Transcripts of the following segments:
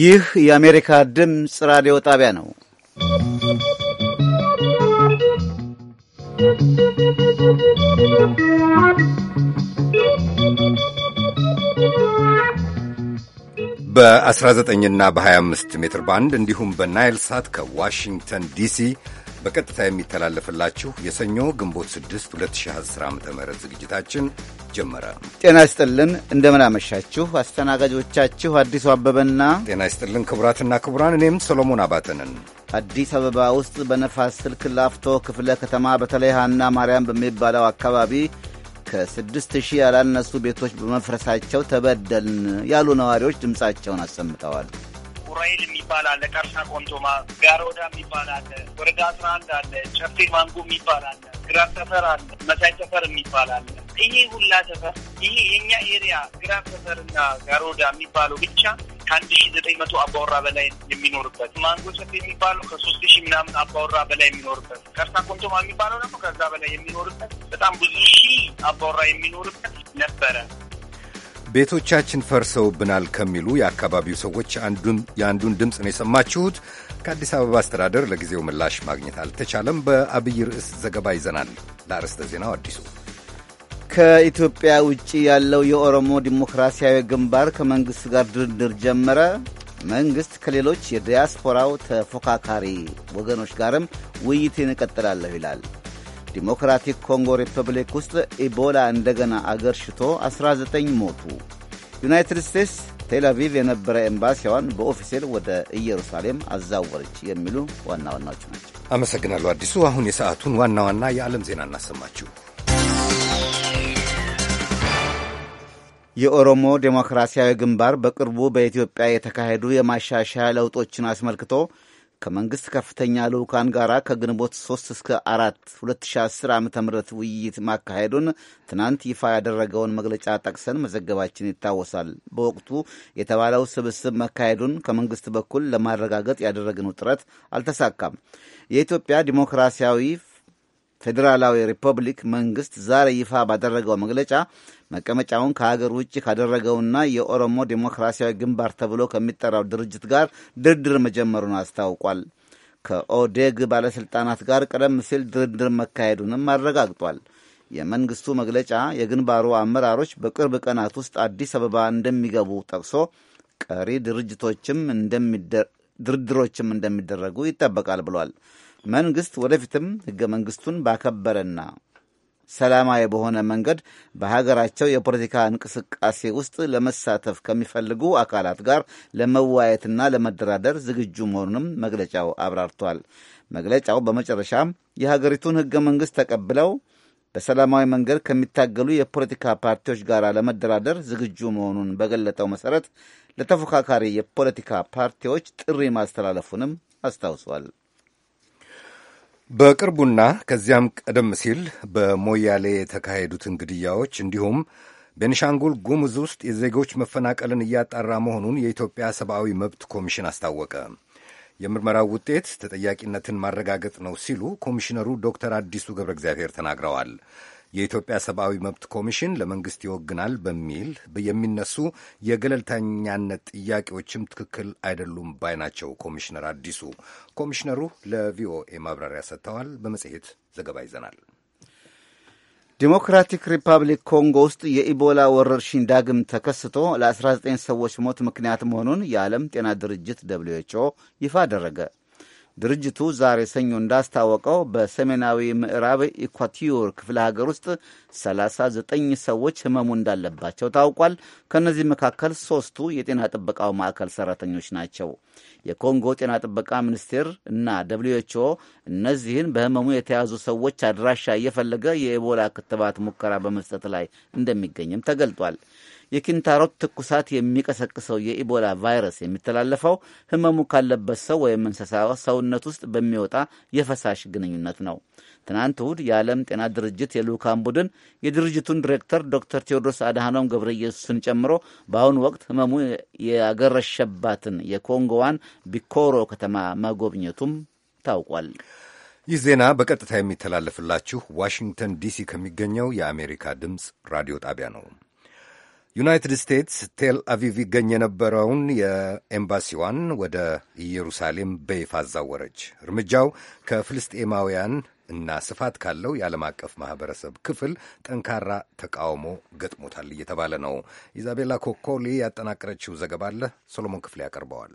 ይህ የአሜሪካ ድምፅ ራዲዮ ጣቢያ ነው። በ19 እና በ25 ሜትር ባንድ እንዲሁም በናይል ሳት ከዋሽንግተን ዲሲ በቀጥታ የሚተላለፍላችሁ የሰኞ ግንቦት 6 2010 ዓ ም ዝግጅታችን ጀመረ። ጤና ይስጥልን፣ እንደምን አመሻችሁ። አስተናጋጆቻችሁ አዲሱ አበበና ጤና ይስጥልን ክቡራትና ክቡራን፣ እኔም ሰሎሞን አባተንን አዲስ አበባ ውስጥ በነፋስ ስልክ ላፍቶ ክፍለ ከተማ በተለይ ሀና ማርያም በሚባለው አካባቢ ከ6000 ያላነሱ ቤቶች በመፍረሳቸው ተበደልን ያሉ ነዋሪዎች ድምፃቸውን አሰምተዋል። ኡራኤል የሚባል አለ፣ ቀርሳ ቆንቶማ፣ ጋሮዳ የሚባል አለ፣ ወረዳ አስራ አንድ አለ፣ ጨፌ ማንጎ የሚባል አለ፣ ግራፍ ሰፈር አለ፣ መሳይ ሰፈር የሚባል አለ። ይሄ ሁላ ሰፈር ይሄ የእኛ ኤሪያ ግራፍ ሰፈርና ጋሮዳ የሚባለው ብቻ ከአንድ ሺ ዘጠኝ መቶ አባወራ በላይ የሚኖርበት ማንጎ ጨፌ የሚባለው ከሶስት ሺ ምናምን አባወራ በላይ የሚኖርበት ቀርሳ ቆንቶማ የሚባለው ደግሞ ከዛ በላይ የሚኖርበት በጣም ብዙ ሺ አባወራ የሚኖርበት ነበረ። ቤቶቻችን ፈርሰውብናል ከሚሉ የአካባቢው ሰዎች የአንዱን ድምፅ ነው የሰማችሁት። ከአዲስ አበባ አስተዳደር ለጊዜው ምላሽ ማግኘት አልተቻለም። በአብይ ርዕስ ዘገባ ይዘናል። ለአርዕስተ ዜናው አዲሱ ከኢትዮጵያ ውጭ ያለው የኦሮሞ ዲሞክራሲያዊ ግንባር ከመንግሥት ጋር ድርድር ጀመረ። መንግሥት ከሌሎች የዲያስፖራው ተፎካካሪ ወገኖች ጋርም ውይይት እቀጥላለሁ ይላል። ዲሞክራቲክ ኮንጎ ሪፐብሊክ ውስጥ ኢቦላ እንደገና አገር ሽቶ 19 ሞቱ። ዩናይትድ ስቴትስ ቴል አቪቭ የነበረ ኤምባሲዋን በኦፊሴል ወደ ኢየሩሳሌም አዛወረች የሚሉ ዋና ዋናዎች ናቸው። አመሰግናለሁ አዲሱ። አሁን የሰዓቱን ዋና ዋና የዓለም ዜና እናሰማችሁ። የኦሮሞ ዴሞክራሲያዊ ግንባር በቅርቡ በኢትዮጵያ የተካሄዱ የማሻሻያ ለውጦችን አስመልክቶ ከመንግሥት ከፍተኛ ልዑካን ጋር ከግንቦት 3 እስከ 4 2010 ዓ ም ውይይት ማካሄዱን ትናንት ይፋ ያደረገውን መግለጫ ጠቅሰን መዘገባችን ይታወሳል። በወቅቱ የተባለው ስብስብ መካሄዱን ከመንግሥት በኩል ለማረጋገጥ ያደረግነው ጥረት አልተሳካም። የኢትዮጵያ ዲሞክራሲያዊ ፌዴራላዊ ሪፐብሊክ መንግስት ዛሬ ይፋ ባደረገው መግለጫ መቀመጫውን ከሀገር ውጭ ካደረገውና የኦሮሞ ዴሞክራሲያዊ ግንባር ተብሎ ከሚጠራው ድርጅት ጋር ድርድር መጀመሩን አስታውቋል። ከኦዴግ ባለሥልጣናት ጋር ቀደም ሲል ድርድር መካሄዱንም አረጋግጧል። የመንግስቱ መግለጫ የግንባሩ አመራሮች በቅርብ ቀናት ውስጥ አዲስ አበባ እንደሚገቡ ጠቅሶ ቀሪ ድርድሮችም እንደሚደረጉ ይጠበቃል ብሏል። መንግስት ወደፊትም ህገ መንግስቱን ባከበረና ሰላማዊ በሆነ መንገድ በሀገራቸው የፖለቲካ እንቅስቃሴ ውስጥ ለመሳተፍ ከሚፈልጉ አካላት ጋር ለመወያየትና ለመደራደር ዝግጁ መሆኑንም መግለጫው አብራርቷል። መግለጫው በመጨረሻም የሀገሪቱን ህገ መንግስት ተቀብለው በሰላማዊ መንገድ ከሚታገሉ የፖለቲካ ፓርቲዎች ጋር ለመደራደር ዝግጁ መሆኑን በገለጠው መሠረት ለተፎካካሪ የፖለቲካ ፓርቲዎች ጥሪ ማስተላለፉንም አስታውሷል። በቅርቡና ከዚያም ቀደም ሲል በሞያሌ የተካሄዱትን ግድያዎች እንዲሁም ቤንሻንጉል ጉሙዝ ውስጥ የዜጎች መፈናቀልን እያጣራ መሆኑን የኢትዮጵያ ሰብአዊ መብት ኮሚሽን አስታወቀ። የምርመራው ውጤት ተጠያቂነትን ማረጋገጥ ነው ሲሉ ኮሚሽነሩ ዶክተር አዲሱ ገብረ እግዚአብሔር ተናግረዋል። የኢትዮጵያ ሰብአዊ መብት ኮሚሽን ለመንግስት ይወግናል በሚል የሚነሱ የገለልተኛነት ጥያቄዎችም ትክክል አይደሉም ባይ ናቸው ኮሚሽነር አዲሱ። ኮሚሽነሩ ለቪኦኤ ማብራሪያ ሰጥተዋል። በመጽሔት ዘገባ ይዘናል። ዲሞክራቲክ ሪፐብሊክ ኮንጎ ውስጥ የኢቦላ ወረርሽኝ ዳግም ተከስቶ ለ19 ሰዎች ሞት ምክንያት መሆኑን የዓለም ጤና ድርጅት ደብልዩ ይፋ አደረገ። ድርጅቱ ዛሬ ሰኞ እንዳስታወቀው በሰሜናዊ ምዕራብ ኢኳቲዮር ክፍለ ሀገር ውስጥ 39 ሰዎች ህመሙ እንዳለባቸው ታውቋል። ከእነዚህ መካከል ሶስቱ የጤና ጥበቃው ማዕከል ሰራተኞች ናቸው። የኮንጎ ጤና ጥበቃ ሚኒስቴር እና ደብሊው ኤች ኦ እነዚህን በህመሙ የተያዙ ሰዎች አድራሻ እየፈለገ የኢቦላ ክትባት ሙከራ በመስጠት ላይ እንደሚገኝም ተገልጧል። የኪንታሮት ትኩሳት የሚቀሰቅሰው የኢቦላ ቫይረስ የሚተላለፈው ህመሙ ካለበት ሰው ወይም እንስሳ ሰውነት ውስጥ በሚወጣ የፈሳሽ ግንኙነት ነው። ትናንት እሁድ የዓለም ጤና ድርጅት የልዑካን ቡድን የድርጅቱን ዲሬክተር ዶክተር ቴዎድሮስ አድሃኖም ገብረ ኢየሱስን ጨምሮ በአሁኑ ወቅት ህመሙ ያገረሸባትን የኮንጎዋን ቢኮሮ ከተማ መጎብኘቱም ታውቋል። ይህ ዜና በቀጥታ የሚተላለፍላችሁ ዋሽንግተን ዲሲ ከሚገኘው የአሜሪካ ድምፅ ራዲዮ ጣቢያ ነው። ዩናይትድ ስቴትስ ቴል አቪቭ ይገኝ የነበረውን የኤምባሲዋን ወደ ኢየሩሳሌም በይፋ አዛወረች። እርምጃው ከፍልስጤማውያን እና ስፋት ካለው የዓለም አቀፍ ማኅበረሰብ ክፍል ጠንካራ ተቃውሞ ገጥሞታል እየተባለ ነው። ኢዛቤላ ኮኮሊ ያጠናቀረችው ዘገባ አለ፣ ሶሎሞን ክፍሌ ያቀርበዋል።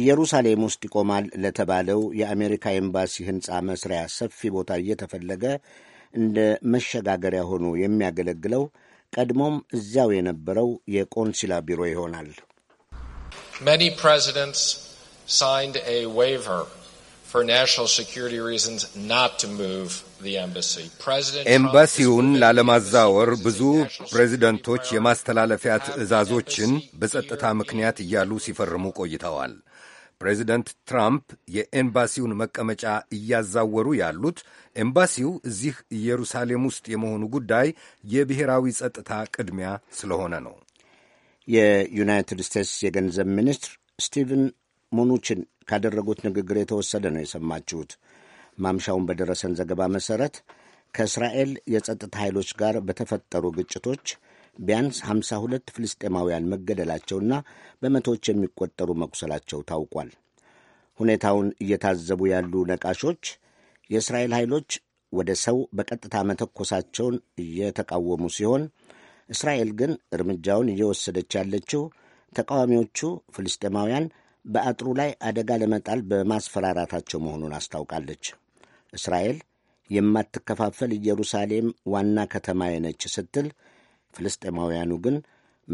ኢየሩሳሌም ውስጥ ይቆማል ለተባለው የአሜሪካ ኤምባሲ ህንፃ መስሪያ ሰፊ ቦታ እየተፈለገ እንደ መሸጋገሪያ ሆኖ የሚያገለግለው ቀድሞም እዚያው የነበረው የቆንሲላ ቢሮ ይሆናል። Many presidents signed a waiver for national security reasons not to move the embassy. ኤምባሲውን ላለማዛወር ብዙ ፕሬዚደንቶች የማስተላለፊያ ትዕዛዞችን በጸጥታ ምክንያት እያሉ ሲፈርሙ ቆይተዋል። ፕሬዚደንት ትራምፕ የኤምባሲውን መቀመጫ እያዛወሩ ያሉት ኤምባሲው እዚህ ኢየሩሳሌም ውስጥ የመሆኑ ጉዳይ የብሔራዊ ጸጥታ ቅድሚያ ስለሆነ ነው። የዩናይትድ ስቴትስ የገንዘብ ሚኒስትር ስቲቨን ሙኑችን ካደረጉት ንግግር የተወሰደ ነው የሰማችሁት። ማምሻውን በደረሰን ዘገባ መሠረት ከእስራኤል የጸጥታ ኃይሎች ጋር በተፈጠሩ ግጭቶች ቢያንስ 52 ፍልስጤማውያን መገደላቸውና በመቶዎች የሚቆጠሩ መቁሰላቸው ታውቋል። ሁኔታውን እየታዘቡ ያሉ ነቃሾች የእስራኤል ኃይሎች ወደ ሰው በቀጥታ መተኮሳቸውን እየተቃወሙ ሲሆን እስራኤል ግን እርምጃውን እየወሰደች ያለችው ተቃዋሚዎቹ ፍልስጤማውያን በአጥሩ ላይ አደጋ ለመጣል በማስፈራራታቸው መሆኑን አስታውቃለች። እስራኤል የማትከፋፈል ኢየሩሳሌም ዋና ከተማዬ ነች ስትል ፍልስጤማውያኑ ግን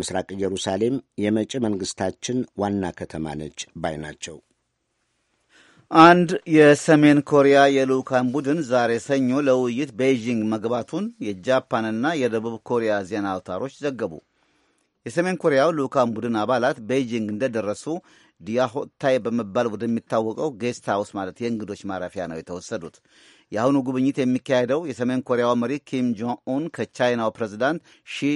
ምስራቅ ኢየሩሳሌም የመጪ መንግስታችን ዋና ከተማ ነች ባይ ናቸው። አንድ የሰሜን ኮሪያ የልዑካን ቡድን ዛሬ ሰኞ ለውይይት ቤይጂንግ መግባቱን የጃፓንና የደቡብ ኮሪያ ዜና አውታሮች ዘገቡ። የሰሜን ኮሪያው ልዑካን ቡድን አባላት ቤይጂንግ እንደደረሱ ዲያሆታይ በመባል ወደሚታወቀው ጌስት ሃውስ ማለት የእንግዶች ማረፊያ ነው የተወሰዱት። የአሁኑ ጉብኝት የሚካሄደው የሰሜን ኮሪያው መሪ ኪም ጆን ኡን ከቻይናው ፕሬዚዳንት ሺ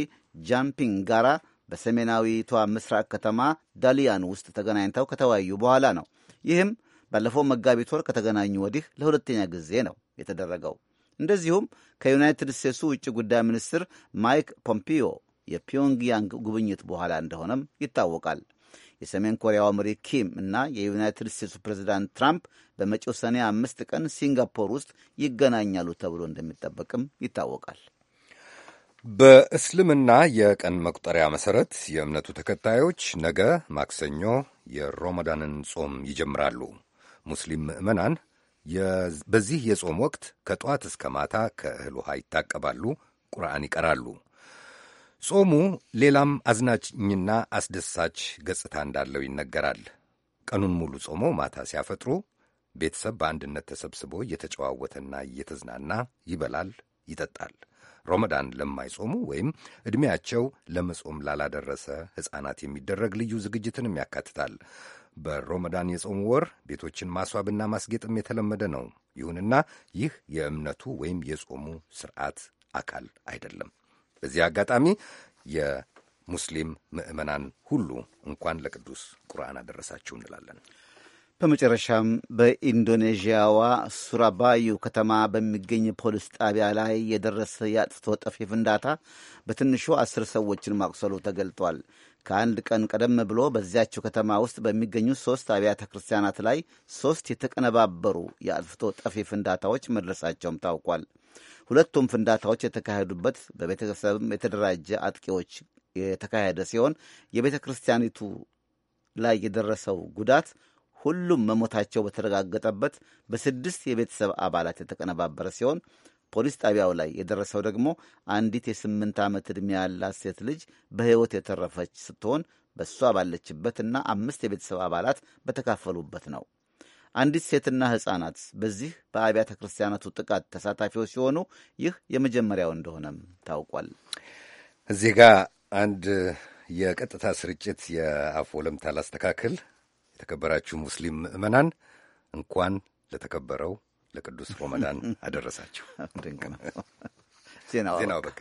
ጃምፒንግ ጋራ በሰሜናዊቷ ምስራቅ ከተማ ዳሊያን ውስጥ ተገናኝተው ከተወያዩ በኋላ ነው። ይህም ባለፈው መጋቢት ወር ከተገናኙ ወዲህ ለሁለተኛ ጊዜ ነው የተደረገው። እንደዚሁም ከዩናይትድ ስቴትሱ ውጭ ጉዳይ ሚኒስትር ማይክ ፖምፒዮ የፒዮንግያንግ ጉብኝት በኋላ እንደሆነም ይታወቃል። የሰሜን ኮሪያው መሪ ኪም እና የዩናይትድ ስቴትሱ ፕሬዚዳንት ትራምፕ በመጪው ሰኔ አምስት ቀን ሲንጋፖር ውስጥ ይገናኛሉ ተብሎ እንደሚጠበቅም ይታወቃል። በእስልምና የቀን መቁጠሪያ መሠረት የእምነቱ ተከታዮች ነገ ማክሰኞ የሮመዳንን ጾም ይጀምራሉ። ሙስሊም ምዕመናን በዚህ የጾም ወቅት ከጠዋት እስከ ማታ ከእህል ውሃ ይታቀባሉ፣ ቁርአን ይቀራሉ። ጾሙ ሌላም አዝናኝና አስደሳች ገጽታ እንዳለው ይነገራል። ቀኑን ሙሉ ጾሞ ማታ ሲያፈጥሩ ቤተሰብ በአንድነት ተሰብስቦ እየተጨዋወተና እየተዝናና ይበላል፣ ይጠጣል። ሮመዳን ለማይጾሙ ወይም ዕድሜያቸው ለመጾም ላላደረሰ ሕፃናት የሚደረግ ልዩ ዝግጅትንም ያካትታል። በሮመዳን የጾሙ ወር ቤቶችን ማስዋብና ማስጌጥም የተለመደ ነው። ይሁንና ይህ የእምነቱ ወይም የጾሙ ስርዓት አካል አይደለም። በዚህ አጋጣሚ የሙስሊም ምዕመናን ሁሉ እንኳን ለቅዱስ ቁርአን አደረሳችሁ እንላለን። በመጨረሻም በኢንዶኔዥያዋ ሱራባዩ ከተማ በሚገኝ ፖሊስ ጣቢያ ላይ የደረሰ የአጥፍቶ ጠፊ ፍንዳታ በትንሹ አስር ሰዎችን ማቁሰሉ ተገልጧል። ከአንድ ቀን ቀደም ብሎ በዚያችው ከተማ ውስጥ በሚገኙ ሶስት አብያተ ክርስቲያናት ላይ ሶስት የተቀነባበሩ የአጥፍቶ ጠፊ ፍንዳታዎች መድረሳቸውም ታውቋል። ሁለቱም ፍንዳታዎች የተካሄዱበት በቤተሰብም የተደራጀ አጥቂዎች የተካሄደ ሲሆን የቤተ ክርስቲያኒቱ ላይ የደረሰው ጉዳት ሁሉም መሞታቸው በተረጋገጠበት በስድስት የቤተሰብ አባላት የተቀነባበረ ሲሆን ፖሊስ ጣቢያው ላይ የደረሰው ደግሞ አንዲት የስምንት ዓመት ዕድሜ ያላት ሴት ልጅ በሕይወት የተረፈች ስትሆን በእሷ ባለችበት እና አምስት የቤተሰብ አባላት በተካፈሉበት ነው። አንዲት ሴትና ሕፃናት በዚህ በአብያተ ክርስቲያናቱ ጥቃት ተሳታፊዎች ሲሆኑ ይህ የመጀመሪያው እንደሆነም ታውቋል። እዚህ ጋር አንድ የቀጥታ ስርጭት የአፍ ወለምታ ላስተካክል። የተከበራችሁ ሙስሊም ምዕመናን እንኳን ለተከበረው ለቅዱስ ሮመዳን አደረሳችሁ። ድንቅ ነው። ዜናው በቃ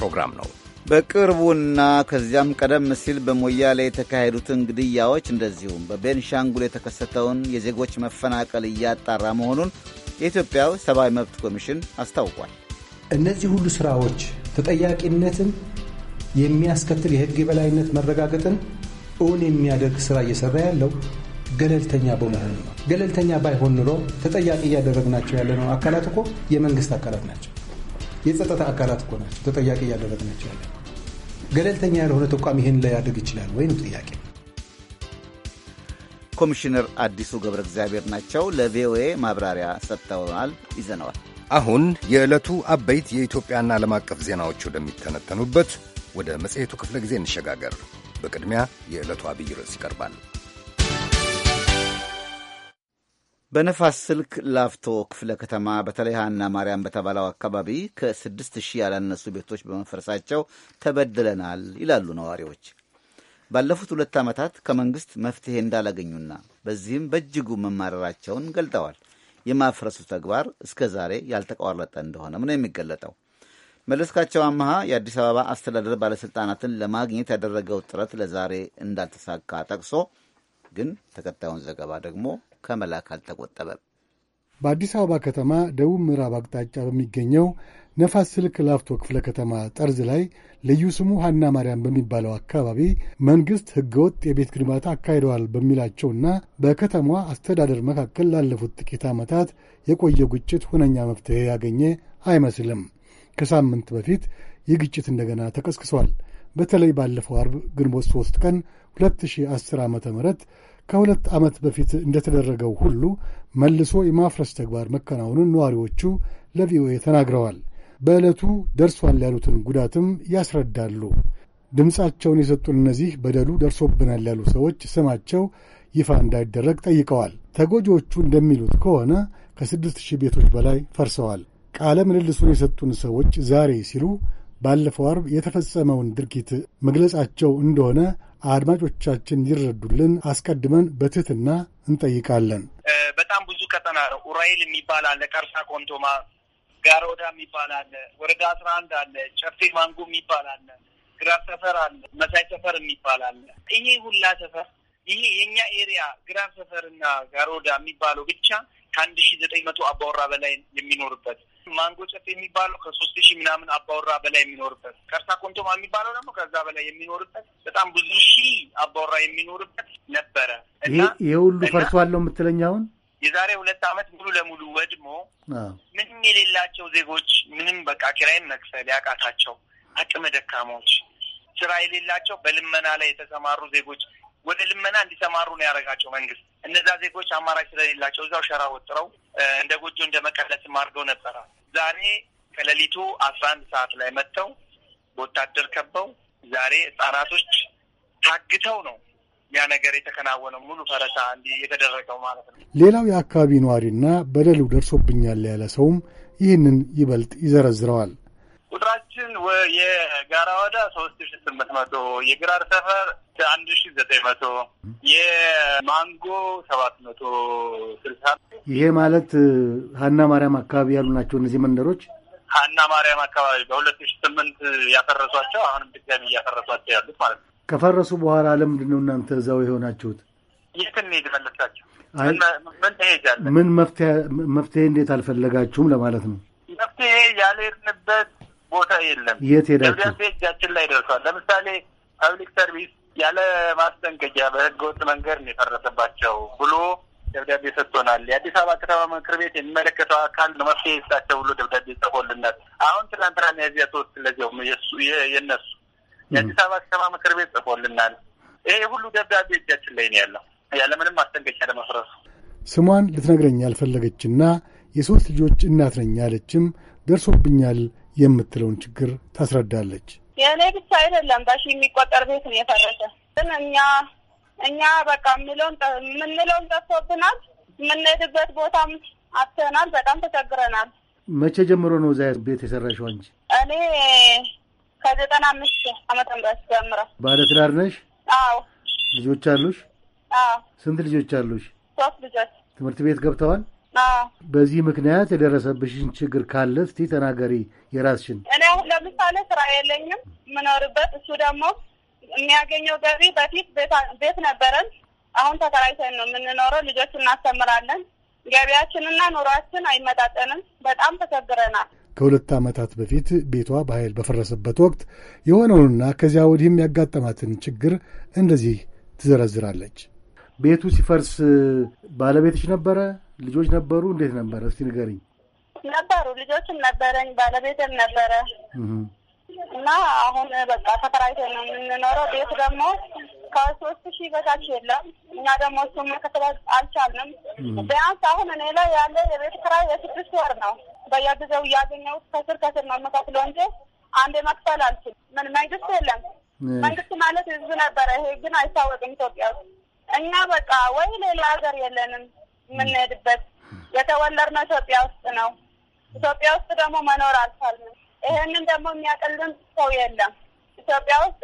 ፕሮግራም ነው። በቅርቡና ከዚያም ቀደም ሲል በሞያሌ የተካሄዱትን ግድያዎች እንደዚሁም በቤንሻንጉል የተከሰተውን የዜጎች መፈናቀል እያጣራ መሆኑን የኢትዮጵያ ሰብአዊ መብት ኮሚሽን አስታውቋል። እነዚህ ሁሉ ስራዎች ተጠያቂነትን የሚያስከትል የህግ የበላይነት መረጋገጥን እውን የሚያደርግ ስራ እየሰራ ያለው ገለልተኛ በመሆኑ ነው። ገለልተኛ ባይሆን ኑሮ ተጠያቂ እያደረግናቸው ያለነው አካላት እኮ የመንግስት አካላት ናቸው። የጸጥታ አካላት እኮ ናቸው ተጠያቂ ናቸው ያለ። ገለልተኛ ያልሆነ ተቋም ይህን ሊያደርግ ይችላል ወይ ጥያቄ። ኮሚሽነር አዲሱ ገብረ እግዚአብሔር ናቸው። ለቪኦኤ ማብራሪያ ሰጥተውናል። ይዘነዋል። አሁን የዕለቱ አበይት የኢትዮጵያና ዓለም አቀፍ ዜናዎች ወደሚተነተኑበት ወደ መጽሔቱ ክፍለ ጊዜ እንሸጋገር። በቅድሚያ የዕለቱ አብይ ርዕስ ይቀርባል። በነፋስ ስልክ ላፍቶ ክፍለ ከተማ በተለይ ሀና ማርያም በተባለው አካባቢ ከስድስት ሺህ ያላነሱ ቤቶች በመፍረሳቸው ተበድለናል ይላሉ ነዋሪዎች። ባለፉት ሁለት ዓመታት ከመንግሥት መፍትሄ እንዳላገኙና በዚህም በእጅጉ መማረራቸውን ገልጠዋል። የማፍረሱ ተግባር እስከ ዛሬ ያልተቋረጠ እንደሆነም ነው የሚገለጠው። መለስካቸው አመሃ የአዲስ አበባ አስተዳደር ባለሥልጣናትን ለማግኘት ያደረገው ጥረት ለዛሬ እንዳልተሳካ ጠቅሶ ግን ተከታዩን ዘገባ ደግሞ ከመላክ አልተቆጠበም። በአዲስ አበባ ከተማ ደቡብ ምዕራብ አቅጣጫ በሚገኘው ነፋስ ስልክ ላፍቶ ክፍለ ከተማ ጠርዝ ላይ ልዩ ስሙ ሀና ማርያም በሚባለው አካባቢ መንግሥት ሕገወጥ የቤት ግንባታ አካሂደዋል በሚላቸውና በከተማዋ አስተዳደር መካከል ላለፉት ጥቂት ዓመታት የቆየ ግጭት ሁነኛ መፍትሔ ያገኘ አይመስልም። ከሳምንት በፊት ይህ ግጭት እንደገና ተቀስቅሷል። በተለይ ባለፈው አርብ ግንቦት 3 ቀን 2010 ዓ ም ከሁለት ዓመት በፊት እንደተደረገው ሁሉ መልሶ የማፍረስ ተግባር መከናወኑን ነዋሪዎቹ ለቪኦኤ ተናግረዋል። በዕለቱ ደርሷል ያሉትን ጉዳትም ያስረዳሉ። ድምፃቸውን የሰጡን እነዚህ በደሉ ደርሶብናል ያሉ ሰዎች ስማቸው ይፋ እንዳይደረግ ጠይቀዋል። ተጎጂዎቹ እንደሚሉት ከሆነ ከስድስት ሺህ ቤቶች በላይ ፈርሰዋል። ቃለ ምልልሱን የሰጡን ሰዎች ዛሬ ሲሉ ባለፈው አርብ የተፈጸመውን ድርጊት መግለጻቸው እንደሆነ አድማጮቻችን ይረዱልን አስቀድመን በትህትና እንጠይቃለን። በጣም ብዙ ቀጠና ነው። ኡራኤል የሚባል አለ፣ ቀርሳ ቆንቶማ፣ ጋሮዳ የሚባል አለ፣ ወረዳ አስራ አንድ አለ፣ ጨፌ ማንጎ የሚባል አለ፣ ግራር ሰፈር አለ፣ መሳይ ሰፈር የሚባል አለ። ይሄ ሁላ ሰፈር ይሄ የእኛ ኤሪያ ግራ ሰፈርና ጋሮዳ የሚባለው ብቻ ከአንድ ሺ ዘጠኝ መቶ አባወራ በላይ የሚኖርበት ማንጎ ጨፌ የሚባለው ከሶስት ሺህ ምናምን አባወራ በላይ የሚኖርበት፣ ከርሳ ኮንቶማ የሚባለው ደግሞ ከዛ በላይ የሚኖርበት በጣም ብዙ ሺህ አባወራ የሚኖርበት ነበረ እና ይህ ሁሉ ፈርሷለው የምትለኝ አሁን የዛሬ ሁለት ዓመት ሙሉ ለሙሉ ወድሞ ምንም የሌላቸው ዜጎች ምንም በቃ ኪራይን መክፈል ያቃታቸው አቅመ ደካሞች ስራ የሌላቸው በልመና ላይ የተሰማሩ ዜጎች ወደ ልመና እንዲሰማሩ ነው ያደረጋቸው መንግስት። እነዛ ዜጎች አማራጭ ስለሌላቸው እዛው ሸራ ወጥረው እንደ ጎጆ እንደ መቀለትም አድርገው ነበረ። ዛሬ ከሌሊቱ አስራ አንድ ሰዓት ላይ መጥተው በወታደር ከበው ዛሬ ህጻናቶች ታግተው ነው ያ ነገር የተከናወነው። ሙሉ ፈረሳ እንዲ የተደረገው ማለት ነው። ሌላው የአካባቢ ነዋሪና በደሉ ደርሶብኛል ያለ ሰውም ይህንን ይበልጥ ይዘረዝረዋል። ቁጥራችን የጋራ ወዳ ሶስት ሺ ስምንት መቶ የግራር ሰፈር አንድ ሺ ዘጠኝ መቶ የማንጎ ሰባት መቶ ስልሳ ይሄ ማለት ሀና ማርያም አካባቢ ያሉ ናቸው። እነዚህ መንደሮች ሀና ማርያም አካባቢ በሁለት ሺ ስምንት ያፈረሷቸው አሁንም ድጋሚ እያፈረሷቸው ያሉት ማለት ነው። ከፈረሱ በኋላ ለምንድን ነው እናንተ እዛው የሆናችሁት? የት እንሄድ መለሳቸው? ምን መፍትሄ እንዴት አልፈለጋችሁም ለማለት ነው መፍትሄ ያልሄድንበት ቦታ የለም። የት ሄዳችሁ እጃችን ላይ ደርሷል። ለምሳሌ ፐብሊክ ሰርቪስ ያለ ማስጠንቀቂያ በህገወጥ መንገድ ነው የፈረሰባቸው ብሎ ደብዳቤ ሰጥቶናል። የአዲስ አበባ ከተማ ምክር ቤት የሚመለከተው አካል መፍትሄ ይስጣቸው ብሎ ደብዳቤ ጽፎልናል። አሁን ትናንትና ሚያዝያ ሶስት ለዚያው የነሱ የአዲስ አበባ ከተማ ምክር ቤት ጽፎልናል። ይሄ ሁሉ ደብዳቤ እጃችን ላይ ነው ያለው ያለምንም ማስጠንቀቂያ ለመፍረሱ። ስሟን ልትነግረኝ ያልፈለገችና የሶስት ልጆች እናት ነኝ ያለችም ደርሶብኛል የምትለውን ችግር ታስረዳለች። የእኔ ብቻ አይደለም በሺ የሚቆጠር ቤት ነው የፈረሰ። ግን እኛ እኛ በቃ የምለውን የምንለውን ጠፍቶብናል። የምንሄድበት ቦታም አጥተናል። በጣም ተቸግረናል። መቼ ጀምሮ ነው እዛ ቤት የሰራሽው አንቺ? እኔ ከዘጠና አምስት ዓመተ ምህረት ጀምረ። ባለ ትዳር ነሽ? አዎ። ልጆች አሉሽ? አዎ። ስንት ልጆች አሉሽ? ሶስት ልጆች። ትምህርት ቤት ገብተዋል? በዚህ ምክንያት የደረሰብሽን ችግር ካለ እስቲ ተናገሪ የራስሽን። እኔ አሁን ለምሳሌ ስራ የለኝም የምኖርበት። እሱ ደግሞ የሚያገኘው ገቢ በፊት ቤት ነበረን፣ አሁን ተከራይተን ነው የምንኖረው። ልጆች እናስተምራለን። ገቢያችንና ኑሯችን አይመጣጠንም። በጣም ተቸግረናል። ከሁለት ዓመታት በፊት ቤቷ በኃይል በፈረሰበት ወቅት የሆነውንና ከዚያ ወዲህም ያጋጠማትን ችግር እንደዚህ ትዘረዝራለች። ቤቱ ሲፈርስ ባለቤትሽ ነበረ? ልጆች ነበሩ? እንዴት ነበረ? እስቲ ንገሪኝ። ነበሩ ልጆችም ነበረኝ፣ ባለቤትም ነበረ እና አሁን በቃ ተከራይቶ ነው የምንኖረው። ቤት ደግሞ ከሶስት ሺህ በታች የለም። እኛ ደግሞ እሱ መከተል አልቻልንም። ቢያንስ አሁን እኔ ላይ ያለ የቤት ኪራይ የስድስት ወር ነው። በየጊዜው እያገኘሁት ከስር ከስር ነው የምከፍለው እንጂ አንዴ መክፈል አልችል። ምን መንግስት የለም። መንግስት ማለት ህዝብ ነበረ። ይሄ ግን አይታወቅም ኢትዮጵያ ውስጥ። እኛ በቃ ወይ ሌላ ሀገር የለንም የምንሄድበት። የተወለድነው ኢትዮጵያ ውስጥ ነው። ኢትዮጵያ ውስጥ ደግሞ መኖር አልቻልንም። ይህንን ደግሞ የሚያቅልን ሰው የለም። ኢትዮጵያ ውስጥ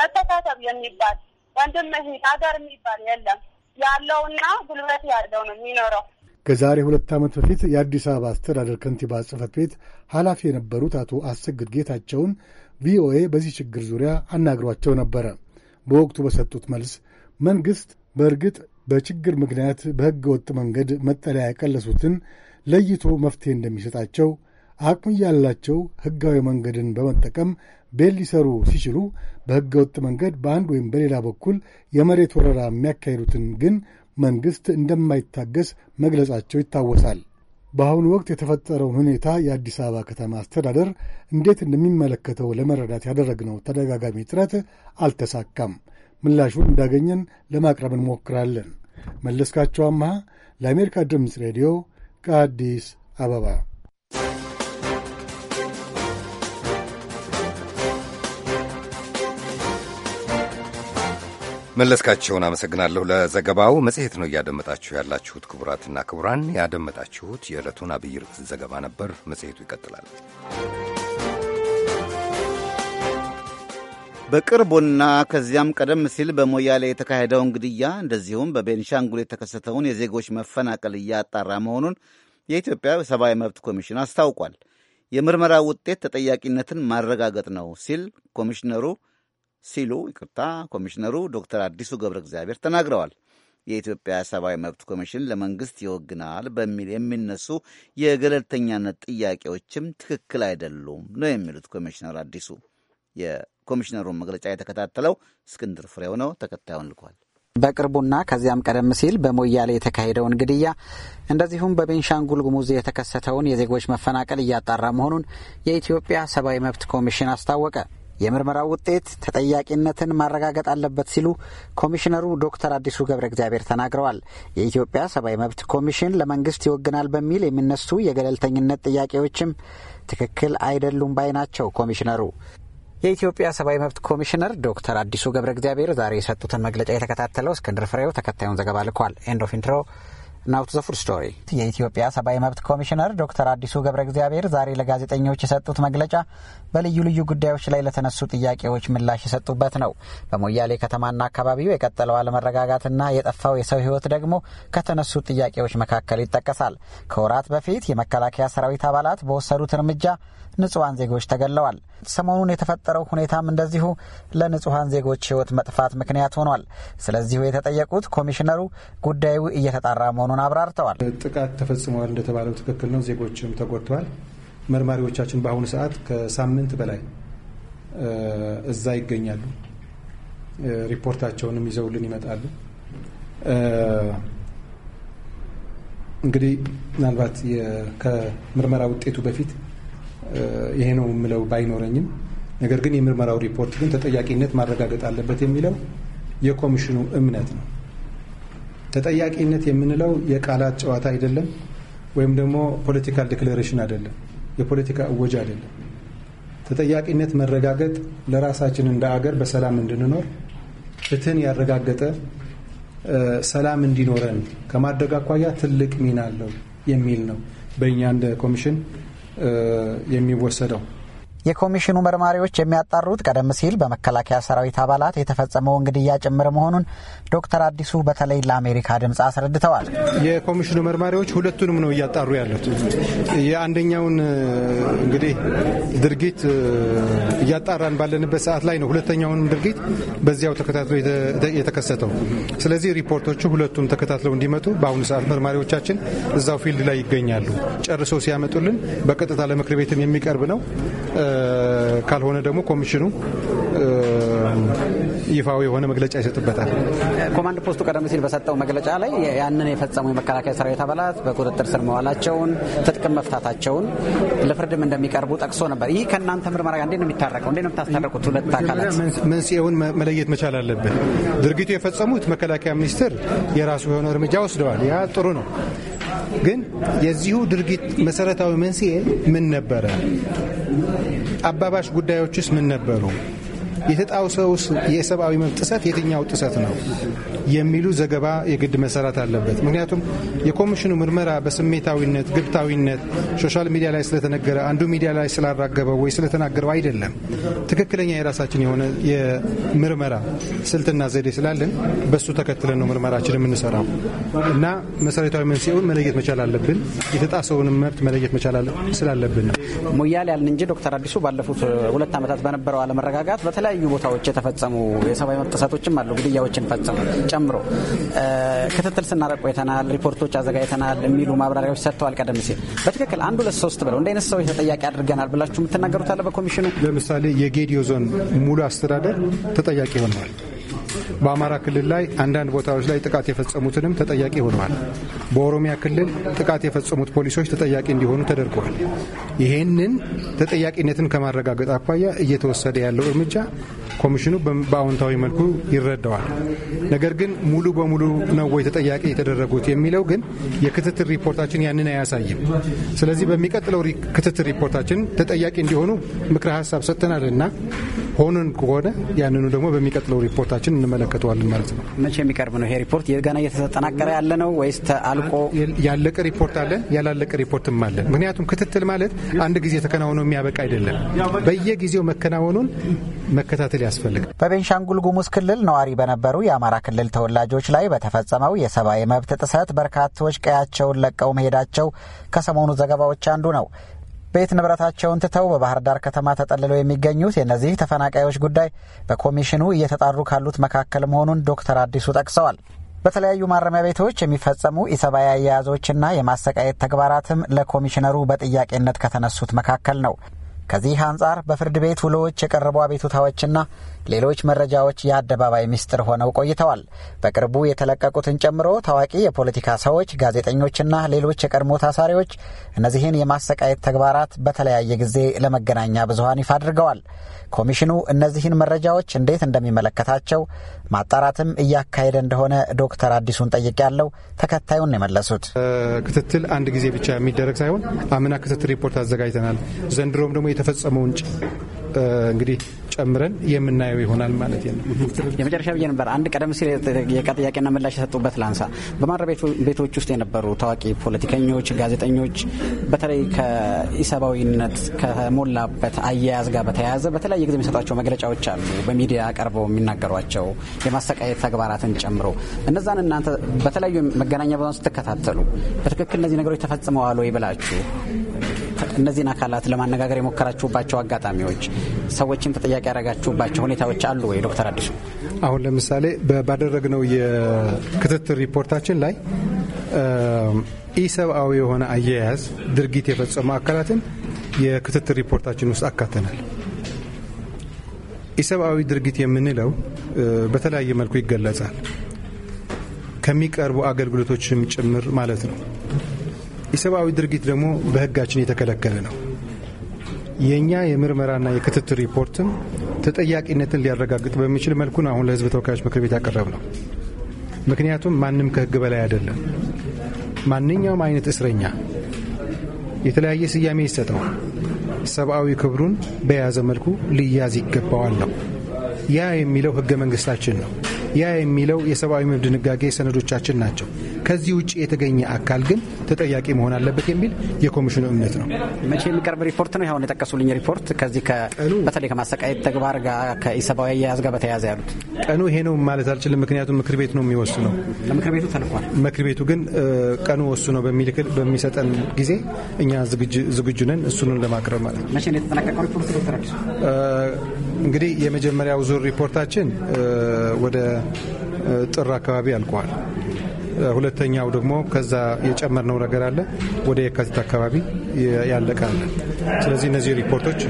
መተሳሰብ የሚባል ወንድም እህት፣ ሀገር የሚባል የለም። ያለውና ጉልበት ያለው ነው የሚኖረው። ከዛሬ ሁለት ዓመት በፊት የአዲስ አበባ አስተዳደር ከንቲባ ጽህፈት ቤት ኃላፊ የነበሩት አቶ አሰግድ ጌታቸውን ቪኦኤ በዚህ ችግር ዙሪያ አናግሯቸው ነበረ። በወቅቱ በሰጡት መልስ መንግሥት በእርግጥ በችግር ምክንያት በሕገ ወጥ መንገድ መጠለያ የቀለሱትን ለይቶ መፍትሄ እንደሚሰጣቸው አቅም ያላቸው ሕጋዊ መንገድን በመጠቀም ቤት ሊሰሩ ሲችሉ በሕገ ወጥ መንገድ በአንድ ወይም በሌላ በኩል የመሬት ወረራ የሚያካሂዱትን ግን መንግሥት እንደማይታገስ መግለጻቸው ይታወሳል። በአሁኑ ወቅት የተፈጠረውን ሁኔታ የአዲስ አበባ ከተማ አስተዳደር እንዴት እንደሚመለከተው ለመረዳት ያደረግነው ተደጋጋሚ ጥረት አልተሳካም። ምላሹን እንዳገኘን ለማቅረብ እንሞክራለን። መለስካቸው አምሃ ለአሜሪካ ድምፅ ሬዲዮ ከአዲስ አበባ መለስካቸውን አመሰግናለሁ ለዘገባው። መጽሔት ነው እያደመጣችሁ ያላችሁት። ክቡራትና ክቡራን፣ ያደመጣችሁት የዕለቱን አብይ ርዕስ ዘገባ ነበር። መጽሔቱ ይቀጥላል። በቅርቡና ከዚያም ቀደም ሲል በሞያሌ የተካሄደውን ግድያ እንደዚሁም በቤንሻንጉል የተከሰተውን የዜጎች መፈናቀል እያጣራ መሆኑን የኢትዮጵያ ሰብአዊ መብት ኮሚሽን አስታውቋል። የምርመራ ውጤት ተጠያቂነትን ማረጋገጥ ነው ሲል ኮሚሽነሩ ሲሉ ይቅርታ ኮሚሽነሩ ዶክተር አዲሱ ገብረ እግዚአብሔር ተናግረዋል። የኢትዮጵያ ሰብአዊ መብት ኮሚሽን ለመንግስት ይወግናል በሚል የሚነሱ የገለልተኛነት ጥያቄዎችም ትክክል አይደሉም ነው የሚሉት ኮሚሽነር አዲሱ የኮሚሽነሩን መግለጫ የተከታተለው እስክንድር ፍሬው ነው። ተከታዩን ልኳል። በቅርቡና ከዚያም ቀደም ሲል በሞያሌ የተካሄደውን ግድያ እንደዚሁም በቤንሻንጉል ጉሙዝ የተከሰተውን የዜጎች መፈናቀል እያጣራ መሆኑን የኢትዮጵያ ሰብአዊ መብት ኮሚሽን አስታወቀ። የምርመራው ውጤት ተጠያቂነትን ማረጋገጥ አለበት ሲሉ ኮሚሽነሩ ዶክተር አዲሱ ገብረ እግዚአብሔር ተናግረዋል። የኢትዮጵያ ሰብአዊ መብት ኮሚሽን ለመንግስት ይወግናል በሚል የሚነሱ የገለልተኝነት ጥያቄዎችም ትክክል አይደሉም ባይ ናቸው ኮሚሽነሩ። የኢትዮጵያ ሰብአዊ መብት ኮሚሽነር ዶክተር አዲሱ ገብረ እግዚአብሔር ዛሬ የሰጡትን መግለጫ የተከታተለው እስክንድር ፍሬው ተከታዩን ዘገባ ልኳል። ኤንድ ኦፍ ኢንትሮ ዘ ስቶሪ። የኢትዮጵያ ሰብአዊ መብት ኮሚሽነር ዶክተር አዲሱ ገብረ እግዚአብሔር ዛሬ ለጋዜጠኞች የሰጡት መግለጫ በልዩ ልዩ ጉዳዮች ላይ ለተነሱ ጥያቄዎች ምላሽ የሰጡበት ነው። በሞያሌ ከተማና አካባቢው የቀጠለው አለመረጋጋትና የጠፋው የሰው ሕይወት ደግሞ ከተነሱ ጥያቄዎች መካከል ይጠቀሳል። ከወራት በፊት የመከላከያ ሰራዊት አባላት በወሰዱት እርምጃ ንጹሐን ዜጎች ተገለዋል። ሰሞኑን የተፈጠረው ሁኔታም እንደዚሁ ለንጹሐን ዜጎች ሕይወት መጥፋት ምክንያት ሆኗል። ስለዚሁ የተጠየቁት ኮሚሽነሩ ጉዳዩ እየተጣራ መሆኑን አብራርተዋል። ጥቃት ተፈጽመዋል እንደተባለው ትክክል ነው። ዜጎችም ተጎድተዋል። መርማሪዎቻችን በአሁኑ ሰዓት ከሳምንት በላይ እዛ ይገኛሉ። ሪፖርታቸውንም ይዘውልን ይመጣሉ። እንግዲህ ምናልባት ከምርመራ ውጤቱ በፊት ይሄ ነው የምለው ባይኖረኝም፣ ነገር ግን የምርመራው ሪፖርት ግን ተጠያቂነት ማረጋገጥ አለበት የሚለው የኮሚሽኑ እምነት ነው። ተጠያቂነት የምንለው የቃላት ጨዋታ አይደለም፣ ወይም ደግሞ ፖለቲካል ዲክሌሬሽን አይደለም፣ የፖለቲካ እወጅ አይደለም። ተጠያቂነት መረጋገጥ ለራሳችን እንደ አገር በሰላም እንድንኖር ፍትህን ያረጋገጠ ሰላም እንዲኖረን ከማድረግ አኳያ ትልቅ ሚና አለው የሚል ነው በእኛ እንደ ኮሚሽን የሚወሰደው የኮሚሽኑ መርማሪዎች የሚያጣሩት ቀደም ሲል በመከላከያ ሰራዊት አባላት የተፈጸመውን ግድያ ጭምር መሆኑን ዶክተር አዲሱ በተለይ ለአሜሪካ ድምፅ አስረድተዋል። የኮሚሽኑ መርማሪዎች ሁለቱንም ነው እያጣሩ ያሉት። የአንደኛውን እንግዲህ ድርጊት እያጣራን ባለንበት ሰዓት ላይ ነው ሁለተኛውንም ድርጊት በዚያው ተከታትሎ የተከሰተው። ስለዚህ ሪፖርቶቹ ሁለቱም ተከታትለው እንዲመጡ በአሁኑ ሰዓት መርማሪዎቻችን እዛው ፊልድ ላይ ይገኛሉ። ጨርሰው ሲያመጡልን በቀጥታ ለምክር ቤትም የሚቀርብ ነው። ካልሆነ ደግሞ ኮሚሽኑ ይፋዊ የሆነ መግለጫ ይሰጥበታል። ኮማንድ ፖስቱ ቀደም ሲል በሰጠው መግለጫ ላይ ያንን የፈጸሙ የመከላከያ ሰራዊት አባላት በቁጥጥር ስር መዋላቸውን፣ ትጥቅም መፍታታቸውን ለፍርድም እንደሚቀርቡ ጠቅሶ ነበር። ይህ ከእናንተ ምርመራ ጋር እንዴት ነው የሚታረቀው? እንዴት ነው የምታስታረቁት? ሁለት አካላት መንስኤውን መለየት መቻል አለብን። ድርጊቱ የፈጸሙት መከላከያ ሚኒስቴር የራሱ የሆነ እርምጃ ወስደዋል። ያ ጥሩ ነው። ግን የዚሁ ድርጊት መሰረታዊ መንስኤ ምን ነበረ? አባባሽ ጉዳዮችስ ምን ነበሩ? የተጣሰውስ የሰብአዊ መብት ጥሰት የትኛው ጥሰት ነው የሚሉ ዘገባ የግድ መሰራት አለበት። ምክንያቱም የኮሚሽኑ ምርመራ በስሜታዊነት ግብታዊነት፣ ሶሻል ሚዲያ ላይ ስለተነገረ አንዱ ሚዲያ ላይ ስላራገበው ወይ ስለተናገረው አይደለም። ትክክለኛ የራሳችን የሆነ የምርመራ ስልትና ዘዴ ስላለን በሱ ተከትለን ነው ምርመራችን የምንሰራው እና መሰረታዊ መንስኤውን መለየት መቻል አለብን። የተጣሰውን መብት መለየት መቻል ስላለብን ነው ሞያሌ ያልን እንጂ ዶክተር አዲሱ ባለፉት ሁለት ዓመታት በነበረው አለመረጋጋት በተለያዩ በተለያዩ ቦታዎች የተፈጸሙ የሰብአዊ መብት ጥሰቶችም አሉ፣ ግድያዎችን ፈጸሙ ጨምሮ ክትትል ስናደርግ ቆይተናል፣ ሪፖርቶች አዘጋጅተናል የሚሉ ማብራሪያዎች ሰጥተዋል። ቀደም ሲል በትክክል አንድ ሁለት ሶስት ብለው እንደ አይነት ሰዎች ተጠያቂ አድርገናል ብላችሁ የምትናገሩት አለ። በኮሚሽኑ ለምሳሌ የጌዲዮ ዞን ሙሉ አስተዳደር ተጠያቂ ሆነዋል። በአማራ ክልል ላይ አንዳንድ ቦታዎች ላይ ጥቃት የፈጸሙትንም ተጠያቂ ሆነዋል። በኦሮሚያ ክልል ጥቃት የፈጸሙት ፖሊሶች ተጠያቂ እንዲሆኑ ተደርገዋል። ይህንን ተጠያቂነትን ከማረጋገጥ አኳያ እየተወሰደ ያለው እርምጃ ኮሚሽኑ በአዎንታዊ መልኩ ይረዳዋል። ነገር ግን ሙሉ በሙሉ ነው ወይ ተጠያቂ የተደረጉት የሚለው ግን የክትትል ሪፖርታችን ያንን አያሳይም። ስለዚህ በሚቀጥለው ክትትል ሪፖርታችን ተጠያቂ እንዲሆኑ ምክረ ሀሳብ ሰጥተናል እና ሆኖን ከሆነ ያንኑ ደግሞ በሚቀጥለው ሪፖርታችን እንመለከተዋለን ማለት ነው። መቼ የሚቀርብ ነው ይሄ ሪፖርት? ገና እየተጠናቀረ ያለ ነው ወይስ አልቆ ያለቀ ሪፖርት አለ? ያላለቀ ሪፖርትም አለ። ምክንያቱም ክትትል ማለት አንድ ጊዜ ተከናውኖ የሚያበቃ አይደለም። በየጊዜው መከናወኑን መከታተል ያስፈልጋል። በቤንሻንጉል ጉሙዝ ክልል ነዋሪ በነበሩ የአማራ ክልል ተወላጆች ላይ በተፈጸመው የሰብአዊ መብት ጥሰት በርካቶች ቀያቸውን ለቀው መሄዳቸው ከሰሞኑ ዘገባዎች አንዱ ነው። ቤት ንብረታቸውን ትተው በባህር ዳር ከተማ ተጠልለው የሚገኙት የእነዚህ ተፈናቃዮች ጉዳይ በኮሚሽኑ እየተጣሩ ካሉት መካከል መሆኑን ዶክተር አዲሱ ጠቅሰዋል። በተለያዩ ማረሚያ ቤቶች የሚፈጸሙ ኢሰብአዊ አያያዞችና የማሰቃየት ተግባራትም ለኮሚሽነሩ በጥያቄነት ከተነሱት መካከል ነው። ከዚህ አንጻር በፍርድ ቤት ውሎዎች የቀረቡ አቤቱታዎችና ሌሎች መረጃዎች የአደባባይ ምስጢር ሆነው ቆይተዋል። በቅርቡ የተለቀቁትን ጨምሮ ታዋቂ የፖለቲካ ሰዎች፣ ጋዜጠኞችና ሌሎች የቀድሞ ታሳሪዎች እነዚህን የማሰቃየት ተግባራት በተለያየ ጊዜ ለመገናኛ ብዙሀን ይፋ አድርገዋል። ኮሚሽኑ እነዚህን መረጃዎች እንዴት እንደሚመለከታቸው ማጣራትም እያካሄደ እንደሆነ ዶክተር አዲሱን ጠይቅ ያለው ተከታዩን ነው የመለሱት። ክትትል አንድ ጊዜ ብቻ የሚደረግ ሳይሆን አምና ክትትል ሪፖርት አዘጋጅተናል። ዘንድሮም ደግሞ የተፈጸመውን እንግዲህ ጨምረን የምናየው ይሆናል ማለት ነው። የመጨረሻ ብዬ ነበር አንድ ቀደም ሲል የጥያቄና ምላሽ የሰጡበት ላንሳ። በማረሚያ ቤቶች ውስጥ የነበሩ ታዋቂ ፖለቲከኞች፣ ጋዜጠኞች በተለይ ከኢሰብአዊነት ከሞላበት አያያዝ ጋር በተያያዘ በተለያየ ጊዜ የሚሰጧቸው መግለጫዎች አሉ። በሚዲያ ቀርበው የሚናገሯቸው የማሰቃየት ተግባራትን ጨምሮ እነዛን እናንተ በተለያዩ መገናኛ ብዙሃን ስትከታተሉ በትክክል እነዚህ ነገሮች ተፈጽመዋል ወይ ብላችሁ እነዚህን አካላት ለማነጋገር የሞከራችሁባቸው አጋጣሚዎች፣ ሰዎችን ተጠያቂ ያደረጋችሁባቸው ሁኔታዎች አሉ ወይ? ዶክተር አዲሱ አሁን ለምሳሌ ባደረግነው የክትትል ሪፖርታችን ላይ ኢሰብአዊ የሆነ አያያዝ ድርጊት የፈጸሙ አካላትን የክትትል ሪፖርታችን ውስጥ አካተናል። ኢሰብአዊ ድርጊት የምንለው በተለያየ መልኩ ይገለጻል። ከሚቀርቡ አገልግሎቶችም ጭምር ማለት ነው። የሰብአዊ ድርጊት ደግሞ በህጋችን የተከለከለ ነው። የእኛ የምርመራና የክትትል ሪፖርትም ተጠያቂነትን ሊያረጋግጥ በሚችል መልኩ አሁን ለህዝብ ተወካዮች ምክር ቤት ያቀረብ ነው። ምክንያቱም ማንም ከህግ በላይ አይደለም። ማንኛውም አይነት እስረኛ የተለያየ ስያሜ ይሰጠው፣ ሰብአዊ ክብሩን በያዘ መልኩ ሊያዝ ይገባዋል ነው ያ የሚለው ህገ መንግስታችን ነው። ያ የሚለው የሰብአዊ መብት ድንጋጌ ሰነዶቻችን ናቸው። ከዚህ ውጭ የተገኘ አካል ግን ተጠያቂ መሆን አለበት የሚል የኮሚሽኑ እምነት ነው። መቼ የሚቀርብ ሪፖርት ነው? አሁን የጠቀሱልኝ ሪፖርት ከዚህ በተለይ ከማሰቃየት ተግባር ጋር ከኢሰብአዊ አያያዝ ጋር በተያያዘ ያሉት ቀኑ ይሄ ነው ማለት አልችልም። ምክንያቱም ምክር ቤት ነው የሚወስነው። ለምክር ቤቱ ተልኳል። ምክር ቤቱ ግን ቀኑ በሚልክል በሚሰጠን ጊዜ እኛ ዝግጁ ነን እሱን ለማቅረብ ማለት ነው። መቼ ነው የተጠናቀቀው ሪፖርት ዶክተር አዲሱ? እንግዲህ የመጀመሪያው ዙር ሪፖርታችን ወደ ጥር አካባቢ አልቋል። ሁለተኛው ደግሞ ከዛ የጨመርነው ነገር አለ ወደ የካቲት አካባቢ ያለቀ ስለዚህ እነዚህ ሪፖርቶች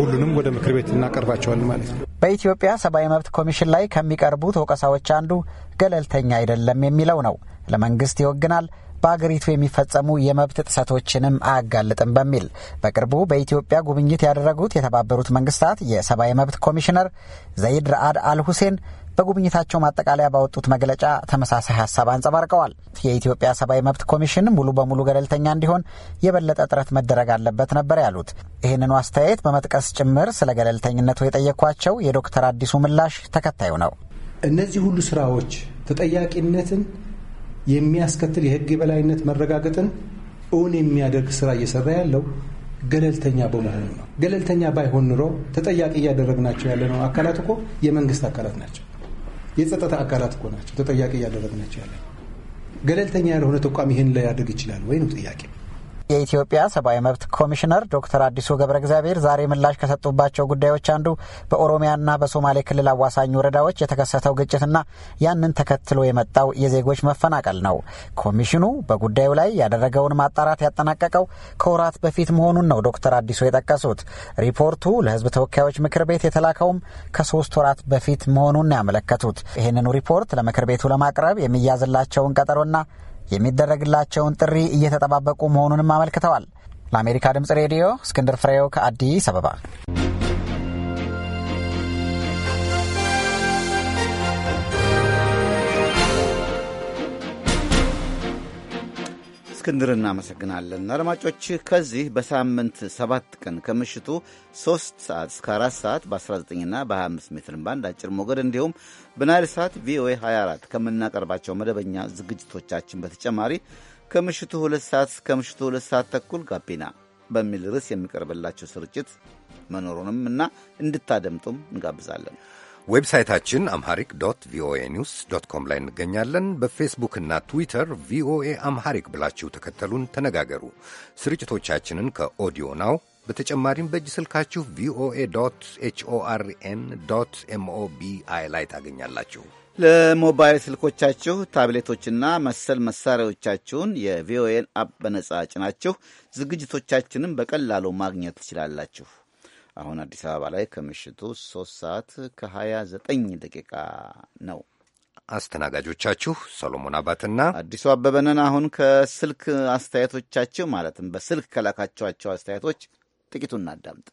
ሁሉንም ወደ ምክር ቤት እናቀርባቸዋለን ማለት ነው። በኢትዮጵያ ሰብአዊ መብት ኮሚሽን ላይ ከሚቀርቡት ወቀሳዎች አንዱ ገለልተኛ አይደለም የሚለው ነው። ለመንግስት ይወግናል፣ በአገሪቱ የሚፈጸሙ የመብት ጥሰቶችንም አያጋልጥም በሚል በቅርቡ በኢትዮጵያ ጉብኝት ያደረጉት የተባበሩት መንግስታት የሰብአዊ መብት ኮሚሽነር ዘይድ ረአድ አል ሁሴን በጉብኝታቸው ማጠቃለያ ባወጡት መግለጫ ተመሳሳይ ሀሳብ አንጸባርቀዋል። የኢትዮጵያ ሰብአዊ መብት ኮሚሽን ሙሉ በሙሉ ገለልተኛ እንዲሆን የበለጠ ጥረት መደረግ አለበት ነበር ያሉት። ይህንኑ አስተያየት በመጥቀስ ጭምር ስለ ገለልተኝነቱ የጠየኳቸው የዶክተር አዲሱ ምላሽ ተከታዩ ነው። እነዚህ ሁሉ ስራዎች ተጠያቂነትን የሚያስከትል የህግ የበላይነት መረጋገጥን እውን የሚያደርግ ስራ እየሰራ ያለው ገለልተኛ በመሆኑ ነው። ገለልተኛ ባይሆን ኑሮ ተጠያቂ እያደረግናቸው ያለነው አካላት እኮ የመንግስት አካላት ናቸው። የጸጥታ አካላት እኮ ናቸው ተጠያቂ እያደረግናቸው ያለ። ገለልተኛ ያልሆነ ተቋም ይህን ሊያደርግ ይችላል ወይ ነው ጥያቄ። የኢትዮጵያ ሰብአዊ መብት ኮሚሽነር ዶክተር አዲሱ ገብረ እግዚአብሔር ዛሬ ምላሽ ከሰጡባቸው ጉዳዮች አንዱ በኦሮሚያና በሶማሌ ክልል አዋሳኝ ወረዳዎች የተከሰተው ግጭትና ያንን ተከትሎ የመጣው የዜጎች መፈናቀል ነው። ኮሚሽኑ በጉዳዩ ላይ ያደረገውን ማጣራት ያጠናቀቀው ከወራት በፊት መሆኑን ነው ዶክተር አዲሱ የጠቀሱት። ሪፖርቱ ለሕዝብ ተወካዮች ምክር ቤት የተላከውም ከሶስት ወራት በፊት መሆኑን ያመለከቱት ይህንኑ ሪፖርት ለምክር ቤቱ ለማቅረብ የሚያዝላቸውን ቀጠሮና የሚደረግላቸውን ጥሪ እየተጠባበቁ መሆኑንም አመልክተዋል። ለአሜሪካ ድምጽ ሬዲዮ እስክንድር ፍሬው ከአዲስ አበባ እስክንድር እናመሰግናለን። አድማጮች ከዚህ በሳምንት ሰባት ቀን ከምሽቱ 3 ሰዓት እስከ 4 ሰዓት በ19ና በ25 ሜትር ባንድ አጭር ሞገድ እንዲሁም በናይል ሰዓት ቪኦኤ 24 ከምናቀርባቸው መደበኛ ዝግጅቶቻችን በተጨማሪ ከምሽቱ 2 ሰዓት እስከ ምሽቱ 2 ሰዓት ተኩል ጋቢና በሚል ርዕስ የሚቀርብላቸው ስርጭት መኖሩንም እና እንድታደምጡም እንጋብዛለን። ዌብሳይታችን አምሃሪክ ዶት ቪኦኤ ኒውስ ዶት ኮም ላይ እንገኛለን። በፌስቡክና ትዊተር ቪኦኤ አምሃሪክ ብላችሁ ተከተሉን፣ ተነጋገሩ። ስርጭቶቻችንን ከኦዲዮ ናው በተጨማሪም በእጅ ስልካችሁ ቪኦኤ ዶት ኤችኦአርኤን ዶት ኤምኦቢአይ ላይ ታገኛላችሁ። ለሞባይል ስልኮቻችሁ ታብሌቶችና መሰል መሳሪያዎቻችሁን የቪኦኤን አፕ በነጻ ጭናችሁ ዝግጅቶቻችንን በቀላሉ ማግኘት ትችላላችሁ። አሁን አዲስ አበባ ላይ ከምሽቱ ሶስት ሰዓት ከሀያ ዘጠኝ ደቂቃ ነው። አስተናጋጆቻችሁ ሰሎሞን አባትና አዲሱ አበበንን። አሁን ከስልክ አስተያየቶቻችሁ ማለትም በስልክ ከላካችኋቸው አስተያየቶች ጥቂቱን እናዳምጥ።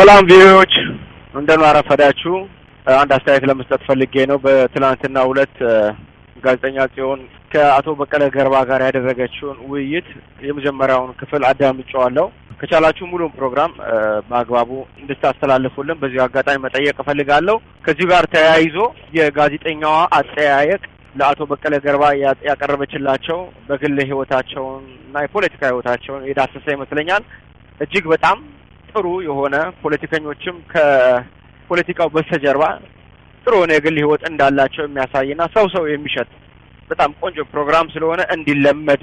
ሰላም ቪዲዮዎች እንደምን አረፈዳችሁ? አንድ አስተያየት ለመስጠት ፈልጌ ነው። በትናንትና ሁለት ጋዜጠኛ ጽዮን ከአቶ በቀለ ገርባ ጋር ያደረገችውን ውይይት የመጀመሪያውን ክፍል አዳምጬዋለሁ። ከቻላችሁ ሙሉን ፕሮግራም በአግባቡ እንድታስተላልፉልን በዚሁ አጋጣሚ መጠየቅ እፈልጋለሁ። ከዚሁ ጋር ተያይዞ የጋዜጠኛዋ አጠያየቅ ለአቶ በቀለ ገርባ ያቀረበችላቸው በግል ህይወታቸውን እና የፖለቲካ ህይወታቸውን የዳሰሰ ይመስለኛል። እጅግ በጣም ጥሩ የሆነ ፖለቲከኞችም ከ ከፖለቲካው በስተጀርባ ጥሩ የሆነ የግል ህይወት እንዳላቸው የሚያሳይና ሰው ሰው የሚሸት በጣም ቆንጆ ፕሮግራም ስለሆነ እንዲለመድ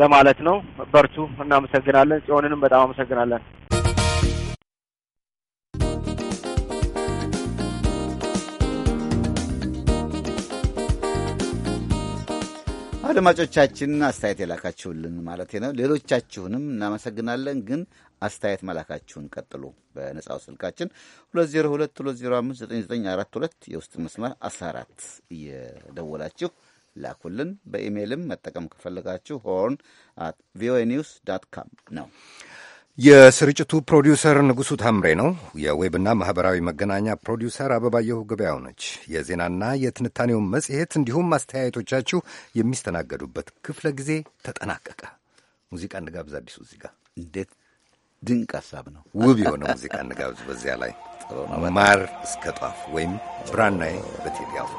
ለማለት ነው። በርቱ። እናመሰግናለን። ጽዮንንም በጣም አመሰግናለን። አድማጮቻችን አስተያየት የላካችሁልን ማለት ነው። ሌሎቻችሁንም እናመሰግናለን። ግን አስተያየት መላካችሁን ቀጥሉ። በነጻው ስልካችን 2022059942 የውስጥ መስመር 14 እየደወላችሁ ላኩልን። በኢሜይልም መጠቀም ከፈለጋችሁ ሆርን አት ቪኦኤ ኒውስ ዳት ካም ነው። የስርጭቱ ፕሮዲውሰር ንጉሡ ታምሬ ነው። የዌብና ማኅበራዊ መገናኛ ፕሮዲውሰር አበባየሁ ገበያው ነች። የዜናና የትንታኔው መጽሔት እንዲሁም አስተያየቶቻችሁ የሚስተናገዱበት ክፍለ ጊዜ ተጠናቀቀ። ሙዚቃ እንጋብዝ። አዲሱ እዚህ ጋር እንዴት ድንቅ ሀሳብ ነው። ውብ የሆነ ሙዚቃ እንጋብዝ። በዚያ ላይ ማር እስከ ጧፍ ወይም ብራናዬ በቴዲ አፍሮ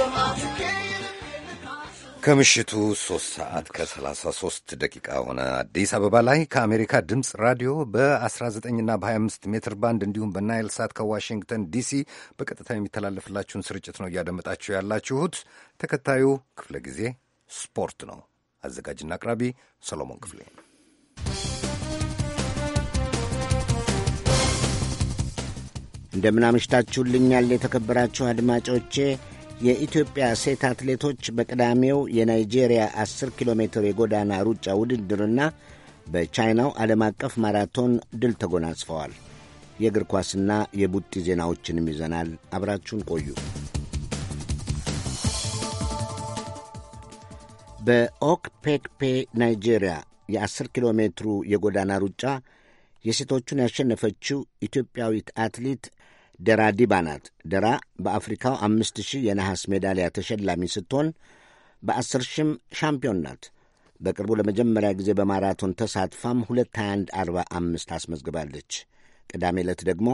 ከምሽቱ 3 ሰዓት ከ33 ደቂቃ ሆነ። አዲስ አበባ ላይ ከአሜሪካ ድምፅ ራዲዮ በ19ና በ25 ሜትር ባንድ እንዲሁም በናይል ሳት ከዋሽንግተን ዲሲ በቀጥታ የሚተላለፍላችሁን ስርጭት ነው እያደመጣችሁ ያላችሁት። ተከታዩ ክፍለ ጊዜ ስፖርት ነው። አዘጋጅና አቅራቢ ሰሎሞን ክፍሌ። እንደምናመሽታችሁልኛል የተከበራችሁ አድማጮቼ የኢትዮጵያ ሴት አትሌቶች በቅዳሜው የናይጄሪያ 10 ኪሎ ሜትር የጎዳና ሩጫ ውድድርና በቻይናው ዓለም አቀፍ ማራቶን ድል ተጎናጽፈዋል። የእግር ኳስና የቡጢ ዜናዎችንም ይዘናል። አብራችሁን ቆዩ። በኦክፔክፔ ናይጄሪያ የ10 ኪሎ ሜትሩ የጎዳና ሩጫ የሴቶቹን ያሸነፈችው ኢትዮጵያዊት አትሌት ደራ ዲባ ናት። ደራ በአፍሪካው አምስት ሺህ የነሐስ ሜዳሊያ ተሸላሚ ስትሆን በአስር ሺህም ሻምፒዮን ናት። በቅርቡ ለመጀመሪያ ጊዜ በማራቶን ተሳትፋም 22145 አስመዝግባለች። ቅዳሜ ዕለት ደግሞ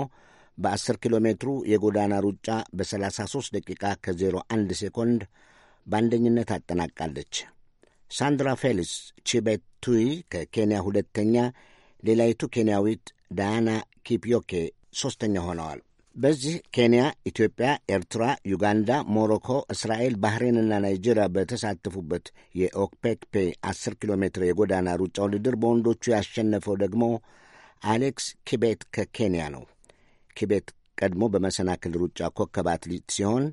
በ10 ኪሎ ሜትሩ የጎዳና ሩጫ በ33 ደቂቃ ከ01 ሴኮንድ በአንደኝነት አጠናቃለች። ሳንድራ ፌሊስ ቺቤቱይ ከኬንያ ሁለተኛ፣ ሌላይቱ ኬንያዊት ዳያና ኪፕዮኬ ሦስተኛ ሆነዋል። በዚህ ኬንያ፣ ኢትዮጵያ፣ ኤርትራ፣ ዩጋንዳ፣ ሞሮኮ፣ እስራኤል፣ ባህሬንና ናይጄሪያ በተሳተፉበት ፔ 10 ኪሎ ሜትር የጎዳና ሩጫ ውድድር በወንዶቹ ያሸነፈው ደግሞ አሌክስ ኪቤት ከኬንያ ነው። ኪቤት ቀድሞ በመሰናክል ሩጫ ኮከብ አትሌት ሲሆን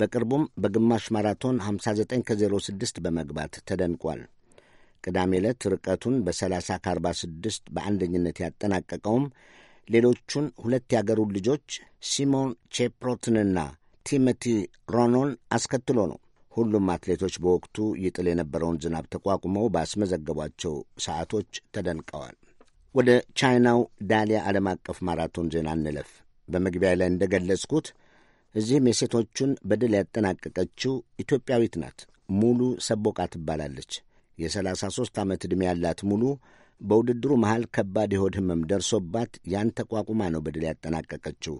በቅርቡም በግማሽ ማራቶን 59 ከ06 በመግባት ተደንቋል። ቅዳሜ ዕለት ርቀቱን በ30 ከ46 በአንደኝነት ያጠናቀቀውም ሌሎቹን ሁለት ያገሩን ልጆች ሲሞን ቼፕሮትንና ቲሞቲ ሮኖን አስከትሎ ነው። ሁሉም አትሌቶች በወቅቱ ይጥል የነበረውን ዝናብ ተቋቁመው ባስመዘገቧቸው ሰዓቶች ተደንቀዋል። ወደ ቻይናው ዳሊያ ዓለም አቀፍ ማራቶን ዜና እንለፍ። በመግቢያ ላይ እንደገለጽኩት እዚህም የሴቶቹን በድል ያጠናቀቀችው ኢትዮጵያዊት ናት። ሙሉ ሰቦቃ ትባላለች። የ33 ዓመት ዕድሜ ያላት ሙሉ በውድድሩ መሃል ከባድ የሆድ ህመም ደርሶባት ያን ተቋቁማ ነው በድል ያጠናቀቀችው።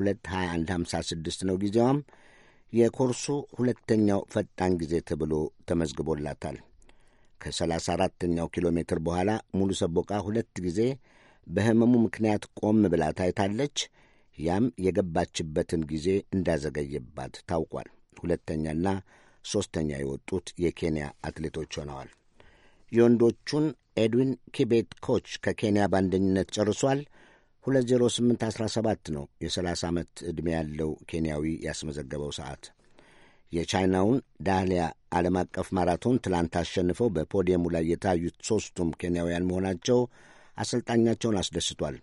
22156 ነው ጊዜዋም። የኮርሱ ሁለተኛው ፈጣን ጊዜ ተብሎ ተመዝግቦላታል። ከ34ኛው ኪሎ ሜትር በኋላ ሙሉ ሰቦቃ ሁለት ጊዜ በህመሙ ምክንያት ቆም ብላ ታይታለች። ያም የገባችበትን ጊዜ እንዳዘገየባት ታውቋል። ሁለተኛና ሦስተኛ የወጡት የኬንያ አትሌቶች ሆነዋል። የወንዶቹን ኤድዊን ኪቤት ኮች ከኬንያ በአንደኝነት ጨርሷል። 20817 ነው የ30 ዓመት ዕድሜ ያለው ኬንያዊ ያስመዘገበው ሰዓት። የቻይናውን ዳህሊያ ዓለም አቀፍ ማራቶን ትላንት አሸንፈው በፖዲየሙ ላይ የታዩት ሦስቱም ኬንያውያን መሆናቸው አሰልጣኛቸውን አስደስቷል።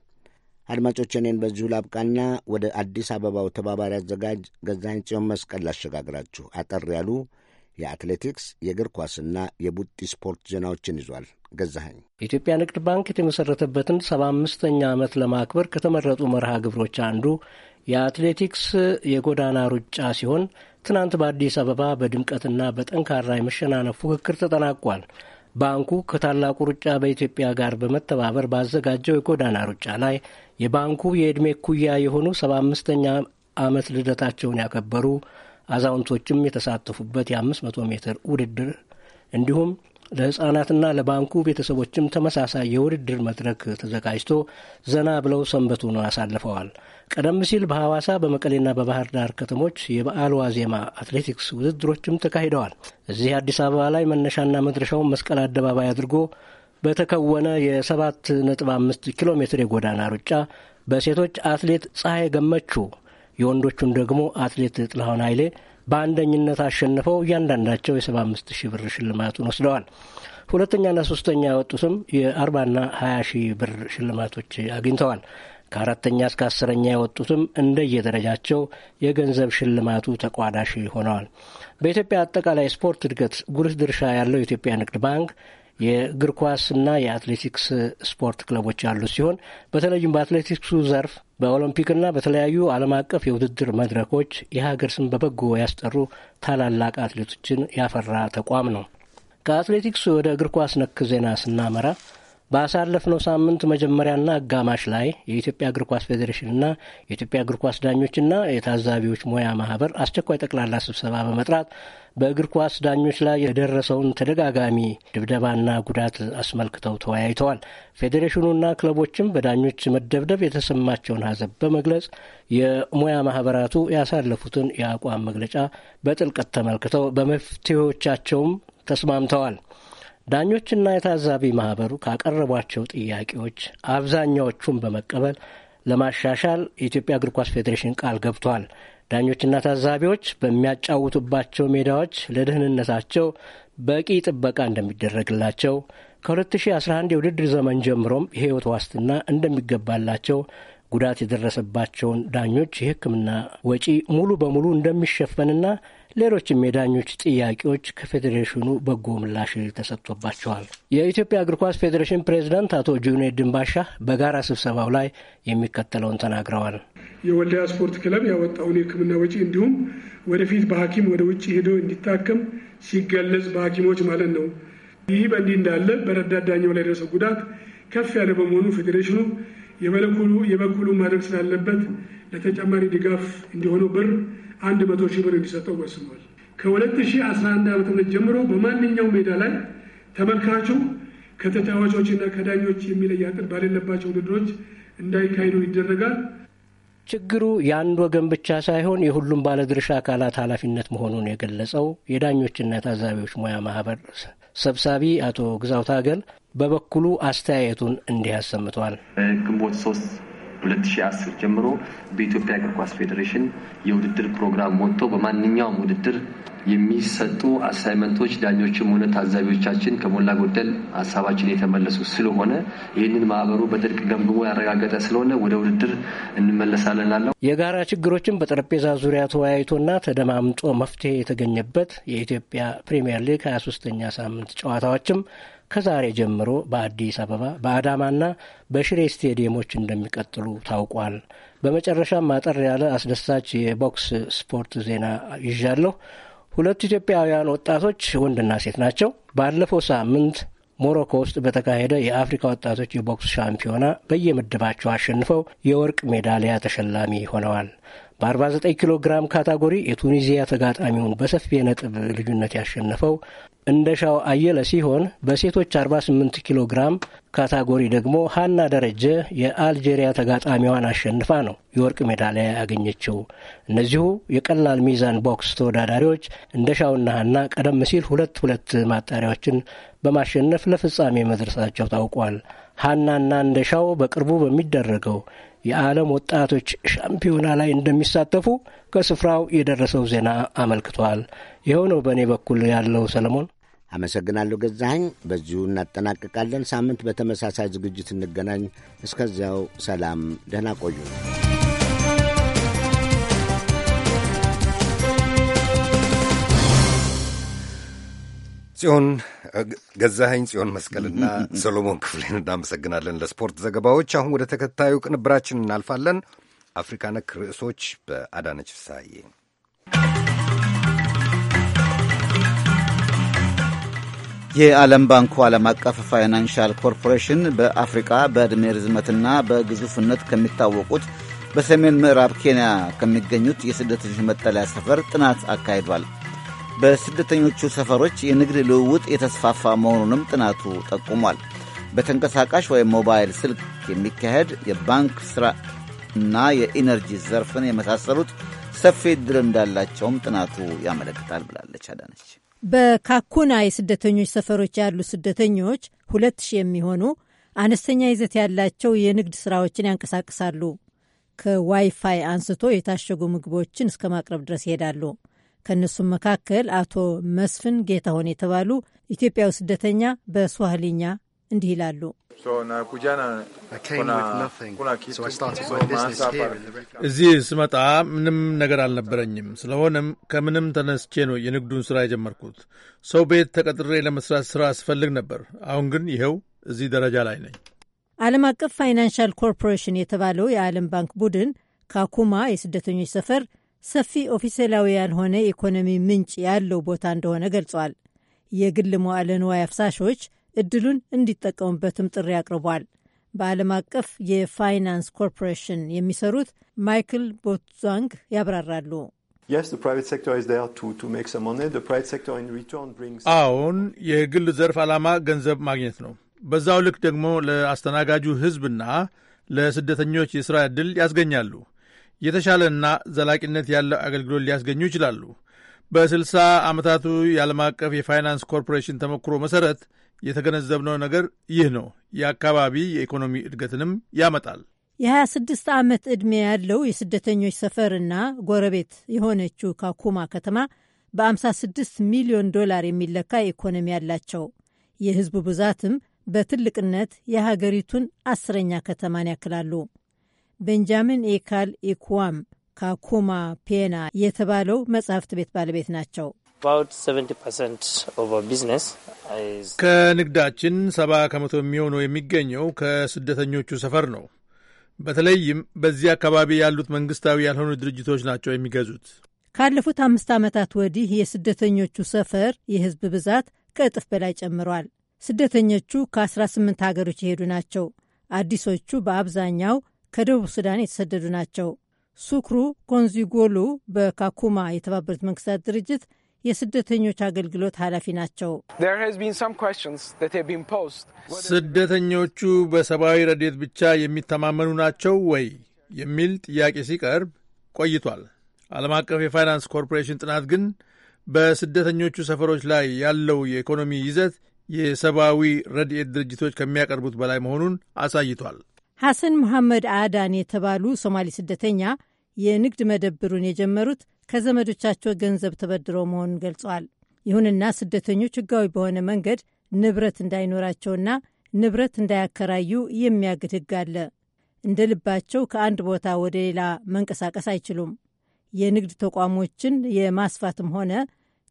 አድማጮች፣ እኔን በዚሁ ላብቃና ወደ አዲስ አበባው ተባባሪ አዘጋጅ ገዛኝ ጽዮን መስቀል ላሸጋግራችሁ አጠር ያሉ የአትሌቲክስ የእግር ኳስና የቡጢ ስፖርት ዜናዎችን ይዟል። ገዛኸኝ የኢትዮጵያ ንግድ ባንክ የተመሠረተበትን ሰባ አምስተኛ ዓመት ለማክበር ከተመረጡ መርሃ ግብሮች አንዱ የአትሌቲክስ የጎዳና ሩጫ ሲሆን ትናንት በአዲስ አበባ በድምቀትና በጠንካራ የመሸናነፍ ፉክክር ተጠናቋል። ባንኩ ከታላቁ ሩጫ በኢትዮጵያ ጋር በመተባበር ባዘጋጀው የጎዳና ሩጫ ላይ የባንኩ የዕድሜ ኩያ የሆኑ ሰባ አምስተኛ ዓመት ልደታቸውን ያከበሩ አዛውንቶችም የተሳተፉበት የ500 ሜትር ውድድር እንዲሁም ለሕፃናትና ለባንኩ ቤተሰቦችም ተመሳሳይ የውድድር መድረክ ተዘጋጅቶ ዘና ብለው ሰንበቱን አሳልፈዋል። ቀደም ሲል በሐዋሳ በመቀሌና በባህር ዳር ከተሞች የበዓል ዋዜማ አትሌቲክስ ውድድሮችም ተካሂደዋል። እዚህ አዲስ አበባ ላይ መነሻና መድረሻውን መስቀል አደባባይ አድርጎ በተከወነ የ7.5 ኪሎ ሜትር የጎዳና ሩጫ በሴቶች አትሌት ፀሐይ ገመቹ የወንዶቹን ደግሞ አትሌት ጥላሁን ኃይሌ በአንደኝነት አሸንፈው እያንዳንዳቸው የሰባ አምስት ሺህ ብር ሽልማቱን ወስደዋል። ሁለተኛና ሶስተኛ ያወጡትም የአርባና ሀያ ሺህ ብር ሽልማቶች አግኝተዋል። ከአራተኛ እስከ አስረኛ የወጡትም እንደየደረጃቸው የገንዘብ ሽልማቱ ተቋዳሽ ሆነዋል። በኢትዮጵያ አጠቃላይ ስፖርት እድገት ጉልህ ድርሻ ያለው የኢትዮጵያ ንግድ ባንክ የእግር ኳስና የአትሌቲክስ ስፖርት ክለቦች ያሉት ሲሆን በተለይም በአትሌቲክሱ ዘርፍ በኦሎምፒክና በተለያዩ ዓለም አቀፍ የውድድር መድረኮች የሀገር ስም በበጎ ያስጠሩ ታላላቅ አትሌቶችን ያፈራ ተቋም ነው። ከአትሌቲክስ ወደ እግር ኳስ ነክ ዜና ስናመራ ባሳለፍነው ሳምንት መጀመሪያና አጋማሽ ላይ የኢትዮጵያ እግር ኳስ ፌዴሬሽንና የኢትዮጵያ እግር ኳስ ዳኞችና የታዛቢዎች ሙያ ማህበር አስቸኳይ ጠቅላላ ስብሰባ በመጥራት በእግር ኳስ ዳኞች ላይ የደረሰውን ተደጋጋሚ ድብደባና ጉዳት አስመልክተው ተወያይተዋል። ፌዴሬሽኑና ክለቦችም በዳኞች መደብደብ የተሰማቸውን ሀዘብ በመግለጽ የሙያ ማህበራቱ ያሳለፉትን የአቋም መግለጫ በጥልቀት ተመልክተው በመፍትሄዎቻቸውም ተስማምተዋል። ዳኞችና የታዛቢ ማህበሩ ካቀረቧቸው ጥያቄዎች አብዛኛዎቹን በመቀበል ለማሻሻል የኢትዮጵያ እግር ኳስ ፌዴሬሽን ቃል ገብቷል። ዳኞችና ታዛቢዎች በሚያጫውቱባቸው ሜዳዎች ለደህንነታቸው በቂ ጥበቃ እንደሚደረግላቸው ከ2011 የውድድር ዘመን ጀምሮም የሕይወት ዋስትና እንደሚገባላቸው ጉዳት የደረሰባቸውን ዳኞች የሕክምና ወጪ ሙሉ በሙሉ እንደሚሸፈንና ሌሎችም የዳኞች ጥያቄዎች ከፌዴሬሽኑ በጎ ምላሽ ተሰጥቶባቸዋል። የኢትዮጵያ እግር ኳስ ፌዴሬሽን ፕሬዝዳንት አቶ ጁኔድ ድንባሻ በጋራ ስብሰባው ላይ የሚከተለውን ተናግረዋል። የወልዲያ ስፖርት ክለብ ያወጣውን የሕክምና ወጪ እንዲሁም ወደፊት በሐኪም ወደ ውጭ ሄዶ እንዲታከም ሲገለጽ በሐኪሞች ማለት ነው። ይህ በእንዲህ እንዳለ በረዳት ዳኛው ላይ የደረሰው ጉዳት ከፍ ያለ በመሆኑ ፌዴሬሽኑ የበኩሉ ማድረግ ስላለበት ለተጨማሪ ድጋፍ እንዲሆነው ብር አንድ መቶ ሺህ ብር እንዲሰጠው ወስኗል። ከ2011 ዓ ም ጀምሮ በማንኛውም ሜዳ ላይ ተመልካቹ ከተጫዋቾችና ከዳኞች የሚለይ አጥር ባሌለባቸው ውድድሮች እንዳይካሄዱ ይደረጋል። ችግሩ የአንድ ወገን ብቻ ሳይሆን የሁሉም ባለድርሻ አካላት ኃላፊነት መሆኑን የገለጸው የዳኞችና ታዛቢዎች ሙያ ማህበር ሰብሳቢ አቶ ግዛው ታገል በበኩሉ አስተያየቱን እንዲህ አሰምቷል። ግንቦት ሶስት 2010 ጀምሮ በኢትዮጵያ እግር ኳስ ፌዴሬሽን የውድድር ፕሮግራም ወጥቶ በማንኛውም ውድድር የሚሰጡ አሳይመንቶች ዳኞችም ሆነ ታዛቢዎቻችን ከሞላ ጎደል ሀሳባችን የተመለሱ ስለሆነ ይህንን ማህበሩ በጥልቅ ገምግሞ ያረጋገጠ ስለሆነ ወደ ውድድር እንመለሳለን ላለው የጋራ ችግሮችን በጠረጴዛ ዙሪያ ተወያይቶና ተደማምጦ መፍትሄ የተገኘበት የኢትዮጵያ ፕሪምየር ሊግ 23ኛ ሳምንት ጨዋታዎችም ከዛሬ ጀምሮ በአዲስ አበባ በአዳማና በሽሬ ስቴዲየሞች እንደሚቀጥሉ ታውቋል። በመጨረሻም አጠር ያለ አስደሳች የቦክስ ስፖርት ዜና ይዣለሁ። ሁለቱ ኢትዮጵያውያን ወጣቶች ወንድና ሴት ናቸው። ባለፈው ሳምንት ሞሮኮ ውስጥ በተካሄደ የአፍሪካ ወጣቶች የቦክስ ሻምፒዮና በየምድባቸው አሸንፈው የወርቅ ሜዳሊያ ተሸላሚ ሆነዋል። በ49 ኪሎ ግራም ካታጎሪ የቱኒዚያ ተጋጣሚውን በሰፊ የነጥብ ልዩነት ያሸነፈው እንደሻው አየለ ሲሆን በሴቶች 48 ኪሎ ግራም ካታጎሪ ደግሞ ሀና ደረጀ የአልጄሪያ ተጋጣሚዋን አሸንፋ ነው የወርቅ ሜዳሊያ ያገኘችው። እነዚሁ የቀላል ሚዛን ቦክስ ተወዳዳሪዎች እንደሻውና ሀና ቀደም ሲል ሁለት ሁለት ማጣሪያዎችን በማሸነፍ ለፍጻሜ መድረሳቸው ታውቋል። ሀናና እንደሻው በቅርቡ በሚደረገው የዓለም ወጣቶች ሻምፒዮና ላይ እንደሚሳተፉ ከስፍራው የደረሰው ዜና አመልክቷል። ይኸው ነው በእኔ በኩል ያለው። ሰለሞን አመሰግናለሁ። ገዛኸኝ፣ በዚሁ እናጠናቅቃለን። ሳምንት በተመሳሳይ ዝግጅት እንገናኝ። እስከዚያው ሰላም፣ ደህና ቆዩ። ጽዮን ገዛኸኝ ጽዮን መስቀልና ሰሎሞን ክፍሌን እናመሰግናለን ለስፖርት ዘገባዎች። አሁን ወደ ተከታዩ ቅንብራችን እናልፋለን። አፍሪካ ነክ ርዕሶች በአዳነች ፍስሐዬ። የዓለም ባንኩ ዓለም አቀፍ ፋይናንሻል ኮርፖሬሽን በአፍሪቃ በዕድሜ ርዝመትና በግዙፍነት ከሚታወቁት በሰሜን ምዕራብ ኬንያ ከሚገኙት የስደተኞች መጠለያ ሰፈር ጥናት አካሂዷል። በስደተኞቹ ሰፈሮች የንግድ ልውውጥ የተስፋፋ መሆኑንም ጥናቱ ጠቁሟል። በተንቀሳቃሽ ወይም ሞባይል ስልክ የሚካሄድ የባንክ ሥራ እና የኢነርጂ ዘርፍን የመሳሰሉት ሰፊ ዕድል እንዳላቸውም ጥናቱ ያመለክታል ብላለች አዳነች። በካኩና የስደተኞች ሰፈሮች ያሉ ስደተኞች ሁለት ሺህ የሚሆኑ አነስተኛ ይዘት ያላቸው የንግድ ሥራዎችን ያንቀሳቅሳሉ። ከዋይፋይ አንስቶ የታሸጉ ምግቦችን እስከ ማቅረብ ድረስ ይሄዳሉ። ከእነሱም መካከል አቶ መስፍን ጌታሆን የተባሉ ኢትዮጵያዊ ስደተኛ በስዋህሊኛ እንዲህ ይላሉ። uh, እዚህ ስመጣ ምንም ነገር አልነበረኝም። ስለሆነም ከምንም ተነስቼ ነው የንግዱን ሥራ የጀመርኩት። ሰው ቤት ተቀጥሬ ለመስራት ሥራ አስፈልግ ነበር። አሁን ግን ይኸው እዚህ ደረጃ ላይ ነኝ። ዓለም አቀፍ ፋይናንሻል ኮርፖሬሽን የተባለው የዓለም ባንክ ቡድን ካኩማ የስደተኞች ሰፈር ሰፊ ኦፊሴላዊ ያልሆነ የኢኮኖሚ ምንጭ ያለው ቦታ እንደሆነ ገልጿል። የግል መዋለ ንዋይ አፍሳሾች እድሉን እንዲጠቀሙበትም ጥሪ አቅርቧል። በዓለም አቀፍ የፋይናንስ ኮርፖሬሽን የሚሰሩት ማይክል ቦትዛንግ ያብራራሉ። አዎን፣ የግል ዘርፍ ዓላማ ገንዘብ ማግኘት ነው። በዛው ልክ ደግሞ ለአስተናጋጁ ሕዝብና ለስደተኞች የሥራ ዕድል ያስገኛሉ። የተሻለና ዘላቂነት ያለው አገልግሎት ሊያስገኙ ይችላሉ። በ60 ዓመታቱ የዓለም አቀፍ የፋይናንስ ኮርፖሬሽን ተሞክሮ መሠረት የተገነዘብነው ነገር ይህ ነው። የአካባቢ የኢኮኖሚ እድገትንም ያመጣል። የ26 ዓመት ዕድሜ ያለው የስደተኞች ሰፈርና ጎረቤት የሆነችው ካኩማ ከተማ በ56 ሚሊዮን ዶላር የሚለካ ኢኮኖሚ ያላቸው የህዝቡ ብዛትም በትልቅነት የሀገሪቱን አስረኛ ከተማን ያክላሉ። ቤንጃሚን ኤካል ኢኩዋም ካኩማ ፔና የተባለው መጽሐፍት ቤት ባለቤት ናቸው። ከንግዳችን ሰባ ከመቶ የሚሆነው የሚገኘው ከስደተኞቹ ሰፈር ነው። በተለይም በዚህ አካባቢ ያሉት መንግስታዊ ያልሆኑ ድርጅቶች ናቸው የሚገዙት። ካለፉት አምስት ዓመታት ወዲህ የስደተኞቹ ሰፈር የህዝብ ብዛት ከእጥፍ በላይ ጨምሯል። ስደተኞቹ ከ18 ሀገሮች የሄዱ ናቸው። አዲሶቹ በአብዛኛው ከደቡብ ሱዳን የተሰደዱ ናቸው። ሱክሩ ኮንዚጎሉ በካኩማ የተባበሩት መንግስታት ድርጅት የስደተኞች አገልግሎት ኃላፊ ናቸው። ስደተኞቹ በሰብአዊ ረድኤት ብቻ የሚተማመኑ ናቸው ወይ የሚል ጥያቄ ሲቀርብ ቆይቷል። ዓለም አቀፍ የፋይናንስ ኮርፖሬሽን ጥናት ግን በስደተኞቹ ሰፈሮች ላይ ያለው የኢኮኖሚ ይዘት የሰብአዊ ረድኤት ድርጅቶች ከሚያቀርቡት በላይ መሆኑን አሳይቷል። ሐሰን መሐመድ አዳን የተባሉ ሶማሊ ስደተኛ የንግድ መደብሩን የጀመሩት ከዘመዶቻቸው ገንዘብ ተበድረው መሆኑን ገልጸዋል። ይሁንና ስደተኞች ሕጋዊ በሆነ መንገድ ንብረት እንዳይኖራቸውና ንብረት እንዳያከራዩ የሚያግድ ሕግ አለ። እንደ ልባቸው ከአንድ ቦታ ወደ ሌላ መንቀሳቀስ አይችሉም። የንግድ ተቋሞችን የማስፋትም ሆነ